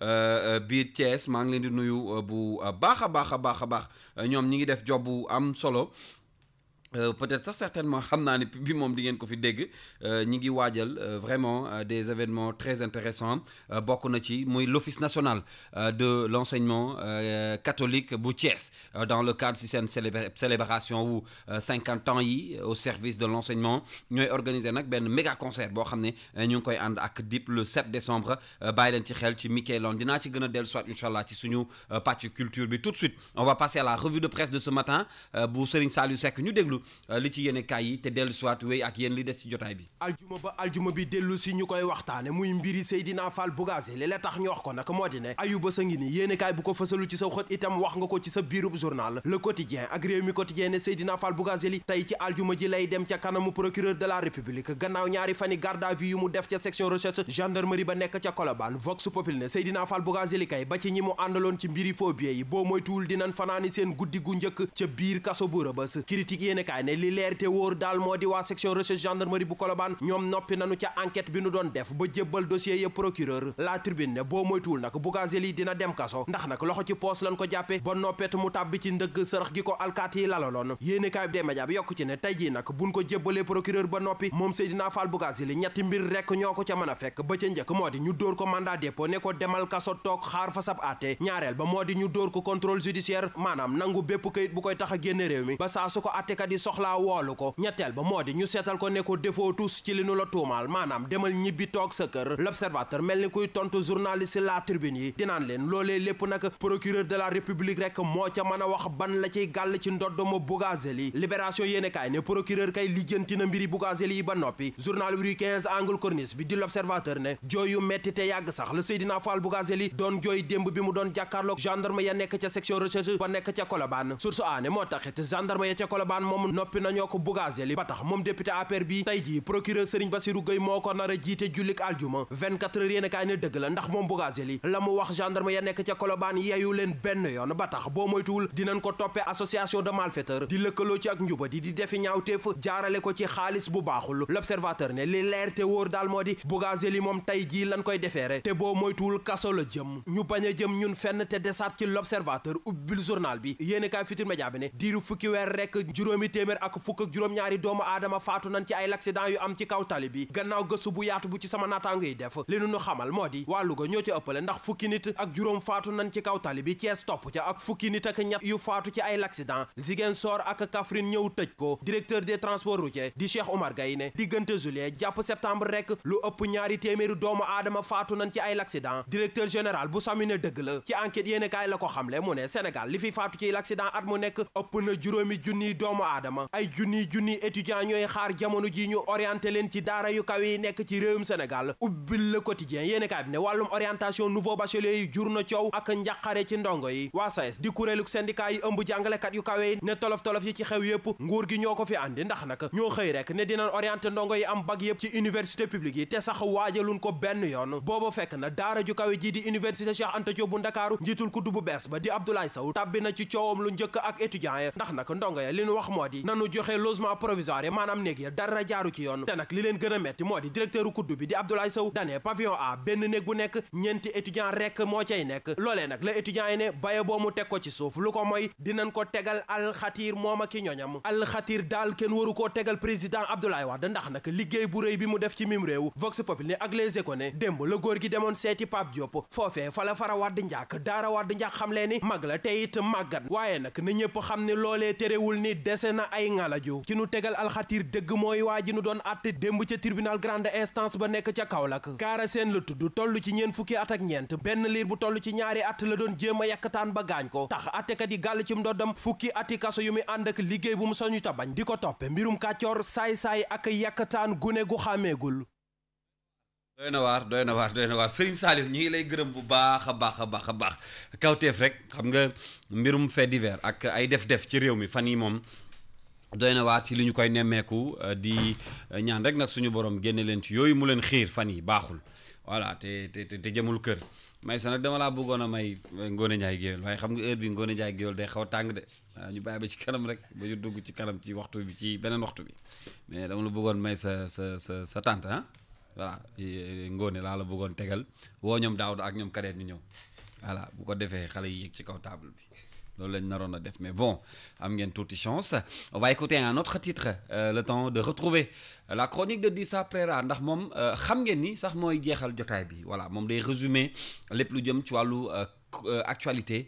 Euh, euh, biir Thiès maa ngi leen di nuyu euh, bu baax a baax a baax a baax ñoom ñi ngi def job bu am solo Euh, peut-être sax certainement <laughs> xam naa ne bi moom di ngeen ko fi dégg euh, ñi ngi waajal euh, vraiment des événements très intéressants bokk na ci muy l'office national de l'enseignement catholique bu Thiès dans le cadre si seen célébration wu 50 ans yi au service de l'enseignement ñooy organisé nag benn méga concert boo xam ne ñu ngi koy ànd ak DIP le 7 décembre bàyyi leen ci xel ci Mikeelon dinaa ci gën a dellu soit incha allah ci suñu pàcc culture bi tout de suite on va passer à la revue de presse de ce matin bu Serigne Saliou Seck ñu déglu Euh, li ci yéene kaay yi te dellu siwaat wéy ak yéen li des ci jotaay bi aljuma ba aljuma bi dellu si ñu koy waxtaane muy mbiri Seydina Fall la tax ñu wax ko nag moo di sa ngi ni yéene kaay bu ko fësalu ci sa xët itam wax nga ko ci sa biirub journal le quotidien ak réew mi quotidien ne Seydina Fall tey ci aljuma ji lay dem ca kanamu procureur de la république gannaaw ñaari fani garde à vue yu mu def ca section recherche gendarmerie ba kaay ne li leer te wóor daal moo di waa section recherche gendarmerie bu Colobane ñoom noppi nañu ca enquête bi nu doon def ba jébbal dossier ya procureur la tribune ne boo moytuwul nag Bougazelli dina dem kaso ndax nag loxo ci poos lañ ko jàppe ba noppet mu tàbbi ci ndëgg sërëx gi ko alkaat yi lalaloon yéene kaay ñetti mbir rekk ñoo ko ca mën a fekk ba ca njëkk moo di ñu dóor ko mandat dépôt ne ko demal kaso toog xaar fa sab ñaareel ba moo di ñu dóor ko contrôle judiciaire maanaam mi soxla woolu ko ñetteel ba moo di ñu seetal ko ne ko defoo tus ci li nu la tuumaal maanaam demal ñibbi toog sa kër l'observateur mel ni kuy tontu journaliste la tribune yi dinaan leen loolee lépp nag procureur de la république rek moo ca mën a wax ban la ciy gàll ci ndoddoma Bougazelli libération yéenekaay ne procureur kay lijjanti na mbiri Bougazelli yi ba noppi journal rue 15 angle corniche bi di l'observateur ne jooyu metti te yàgg sax la Seydina Fall Bougazelli doon jooy démb bi mu doon jàkkaarloog gendarme ya nekk ca nekk ca a ne moo taxit gendarme yoon noppi nañoo ko bugaaseli ba tax moom député APR bi tey jii procureur Serigne Bassirou Gueye moo ko nar jiite jullik aljuma 24 heures yéen a kaay ne dëgg la ndax moom bugaaseli la mu wax gendarme ya nekk ca Colobane yeyu leen benn yoon ba tax boo moytuwul dinañ ko toppee association de malfaiteurs di lëkkaloo ci ak njubadi di defi ñaawteef jaarale ko ci xaalis bu baaxul l'observateur ne li leer te wóor daal moo di bugaaseli moom tey jii lan koy defeere te boo moytuwul kaso la jëm ñu bañ a jëm ñun fenn te desaat ci l'observateur ubbil journal bi yéen a kaay Futurs Médias ne diiru fukki weer rek juróomi téeméer ak fukk ak juróom-ñaari doomu aadama faatu nañ ci ay accident yu am ci kaw tali bi gannaaw gëstu bu yaatu bu ci sama naataango yi def li nu xamal moo di waa Louga ñoo ci ëppale ndax fukki nit ak juróom faatu nañ ci kaw tali bi Thiès topp ca ak fukki nit ak ñett yu faatu ci ay accident Ziguinchor ak Kaffrine ñëw tëj ko directeur des transports routiers di Cheikh Omar Gaye ne diggante juillet jàpp septembre rek lu ëpp ñaari téeméeri doomu aadama faatu nañ ci ay accident directeur général bu samine dëgg la ci enquête yéen kaay la ko xamle mu ne Sénégal li fi faatu ci accident at mu nekk ëpp aadama ay junni junni étudiants ñooy xaar jamono ji ñu orienté leen ci daara yu kaw yi nekk ci réewum Sénégal ubbil le quotidien yéeni kaay bi ne wàllum orientation nouveau bachelier yi jur na coow ak njàqare ci ndongo yi waa SAES e di kuréelug syndicat yi ëmb jàngalekat yu kawe yi ne tolof-tolof yi ci xew yépp nguur gi ñoo ko fi àndi ndax nag ñoo xëy rek ne dinañ orienté ndongo yi am bac yépp ci université publique yi te sax waajalun ko benn yoon booba fekk na daara ju kawe ji di université Cheikh Anta Diop bu Ndakaaru njiitul ku bu bees ba di Abdoulaye Sow tàbbi na ci coowam lu njëkk ak étudiants ya ndax nag ndongo li ñu wax moo di nanu joxe logement provisoire maanaam néeg ya dara jaaru ci yoon te nag li leen gën a metti moo di directeur kuddu bi di Abdoulaye Sow dane pavillon A benn néeg bu nekk ñeenti étudiant rek moo cay nekk loolee nag la étudiant yi ne baye boo mu teg ko ci suuf lu ko mooy dinañ ko tegal alxatiir moom ak i ñoñam alxatiir daal kenn waru koo tegal président Abdoulaye Wade ndax nag liggéey bu rëy bi mu def ci mim réew Vox Populi ne ak les gi demoon seeti Pape Diop foofee fa la fara wadd njàkk daara wadd njàkk xam lee ni mag la te it màggat waaye ne loolee na ay ngalaju ki nu tegal alxatir dëgg mooy waa ji nu doon àtte démb ca tribunal grande instance ba nekk ca Kaolack kaara seen la tudd toll ci ñeen fukki at ak ñeent benn liir bu toll ci ñaari at la doon jéem a yàkkataan ba gaañ ko tax attekat yi gàll ci ndoddam fukki ati kaso yu muy ànd ak liggéey bu mu sañu ta bañ di ko toppe mbirum kàccoor saay-saay ak yàkkataan gune gu xàmmeegul doy na waar doy na waar doy na waar Serigne Saliou ñi ngi lay gërëm bu baax a baax a baax a baax kawteef rek xam nga mbirum fait divers ak ay def-def ci réew mi fan yi moom doy na waar ci li ñu koy nemmeeku euh, di euh, ñaan rek nag suñu borom génne leen ci yooyu mu leen xiir fan yi baaxul voilà te te te jëmul kër may sa nag dama laa bëggoon a may euh, Ngoné Ndiaye Guèweul waaye xam nga heure bi Ngoné Ndiaye Guèweul day xaw a tàng ñu bàyyi ba ci kanam rek ba ñu dugg ci kanam ci waxtu bi ci beneen waxtu bi mais dama bëggoon may sa sa sa sa tante ah voilà Ngoné laa la bëggoon tegal woo ñoom daaw ak ñoom kadeet ñu ñëw voilà bu ko defee xale yi yëg ci kaw table bi def mais bon am ngeen tuuti chance on va écouter un autre titre euh, le temps de retrouver euh, la chronique de Dissa Préra ndax moom euh, xam ngeen ni sax mooy jeexal jotaay bi voilà moom day résumer lépp lu jëm ci wàllu actualité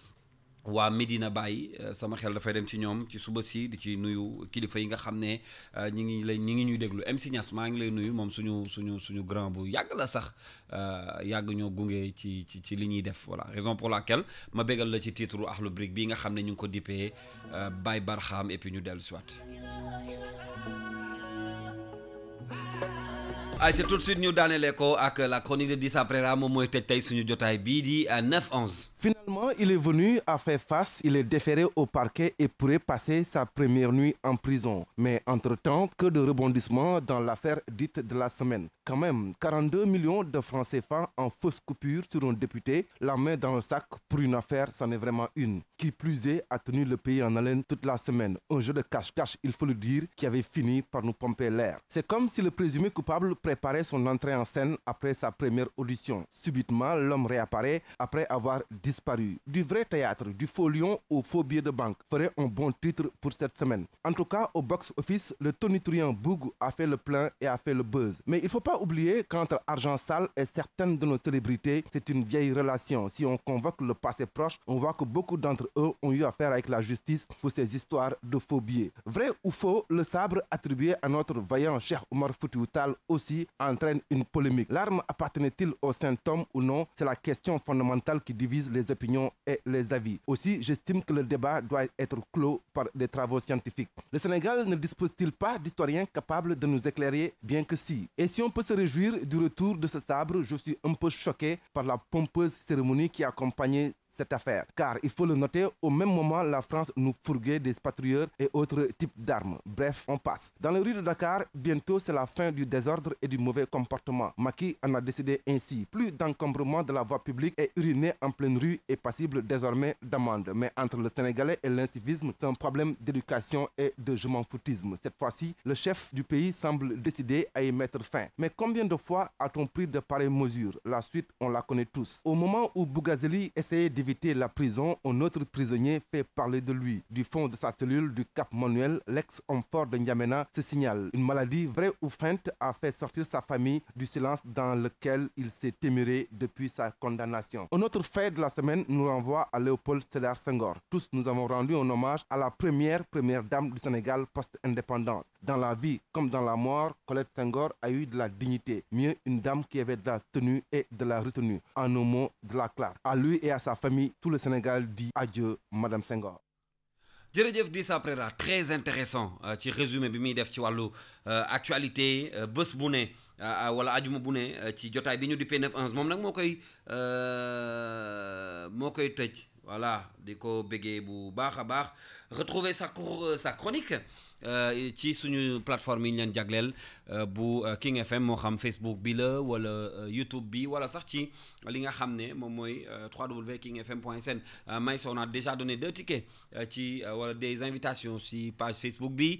Wa Medina Baye euh, sama xel fay dem ci ñom ci suba si di ci nuyu kilifa yi nga xamne euh, ñi ngi lay ñi ngi ñuy MC ngi lay nuyu la sax euh, ci ci raison pour laquelle ma bégal la ci titre Brick bi nga Barham et puis ñu ay c'est tout de suite ñu ko ak la chronique de après suñu Finalement, il est venu à faire face, il est déféré au parquet et pourrait passer sa première nuit en prison. Mais entre-temps, que de rebondissements dans l'affaire dite de la semaine. Quand même, 42 millions de francs CFA en fausse coupure sur un député, la main dans le sac pour une affaire, c'en n'est vraiment une. Qui plus est, a tenu le pays en haleine toute la semaine. Un jeu de cache-cache, il faut le dire, qui avait fini par nous pomper l'air. C'est comme si le présumé coupable préparait son entrée en scène après sa première audition. Subitement, l'homme réapparaît après avoir dit disparu. Du vrai théâtre, du faux lion au faux billet de banque ferait un bon titre pour cette semaine. En tout cas, au box-office, le tonitruant Boug a fait le plein et a fait le buzz. Mais il ne faut pas oublier qu'entre argent sale et certaines de nos célébrités, c'est une vieille relation. Si on convoque le passé proche, on voit que beaucoup d'entre eux ont eu affaire avec la justice pour ces histoires de faux billets. Vrai ou faux, le sabre attribué à notre vaillant cher Omar Foutioutal aussi entraîne une polémique. L'arme appartenait-il au homme ou non C'est la question fondamentale qui divise les les opinions et les avis. Aussi, j'estime que le débat doit être clos par des travaux scientifiques. Le Sénégal ne dispose-t-il pas d'historiens capables de nous éclairer Bien que si. Et si on peut se réjouir du retour de ce sabre, je suis un peu choqué par la pompeuse cérémonie qui accompagnait. accompagné affaire. Car il faut le noter, au même moment, la France nous fourguait des patrouilleurs et autres types d'armes. Bref, on passe. Dans les rues de Dakar, bientôt c'est la fin du désordre et du mauvais comportement. Maki en a décidé ainsi. Plus d'encombrement de la voie publique et uriner en pleine rue est passible désormais d'amende. Mais entre le Sénégalais et l'incivisme, c'est un problème d'éducation et de je m'en foutisme. Cette fois-ci, le chef du pays semble décidé à y mettre fin. Mais combien de fois a-t-on pris de pareilles mesures La suite, on la connaît tous. Au moment où Bougazeli essayait d'éviter la prison, un autre prisonnier fait parler de lui. Du fond de sa cellule du Cap Manuel, l'ex-homme fort de N'Djamena se signale. Une maladie vraie ou feinte a fait sortir sa famille du silence dans lequel il s'est téméré depuis sa condamnation. Un autre fait de la semaine nous renvoie à Léopold Sédar Senghor. Tous nous avons rendu un hommage à la première première dame du Sénégal post-indépendance. Dans la vie comme dans la mort, Colette Senghor a eu de la dignité. Mieux, une dame qui avait de la tenue et de la retenue. En un de la classe. À lui et à sa famille, pandémie, tout le Sénégal dit adieu, Madame Senghor. jërëjëf di sa Préra très intéressant Tu euh, résumé bi muy def ci wàllu euh, actualité euh, bés bu ne wala ajuma bu ne ci jotay bi ñu di 911 mom nak mokay euh mokay koy voilà di ko bëggee bu baax retrouver sa euh, sa chronique euh, sur une plateforme yi ñu leen jagleel euh, bu King FM moo xam Facebook bi la wala YouTube bi wala sax ci li nga xam 3 www.kingfm.sn Mais on a déjà donné deux tickets ci wala des invitations si page Facebook bi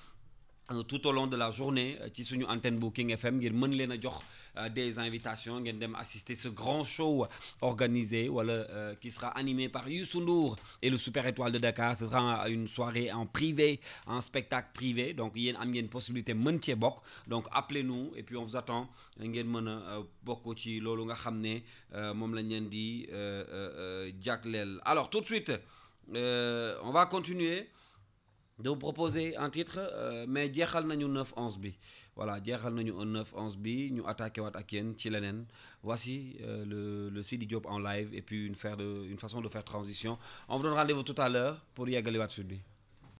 Euh, tout au long de la journée ...qui euh, suñu antenne Booking FM ngir mën euh, des invitations ngeen dem assister ce grand show organisé qui sera animé par Youssou Ndour et le Super Étoile de Dakar ce sera une soirée en privé ...un spectacle privé donc il y a une possibilité donc appelez-nous et puis on vous attend alors tout de suite on va continuer de vous proposer un titre euh, mais djexal nañu 9 11 bi voilà djexal nañu 9 11 bi ñu attaqué à ak ci voici euh, le le Sidi job en live et puis une faire de une façon de faire transition on vous donne rendez-vous tout à l'heure pour yeggali Watsubi. suite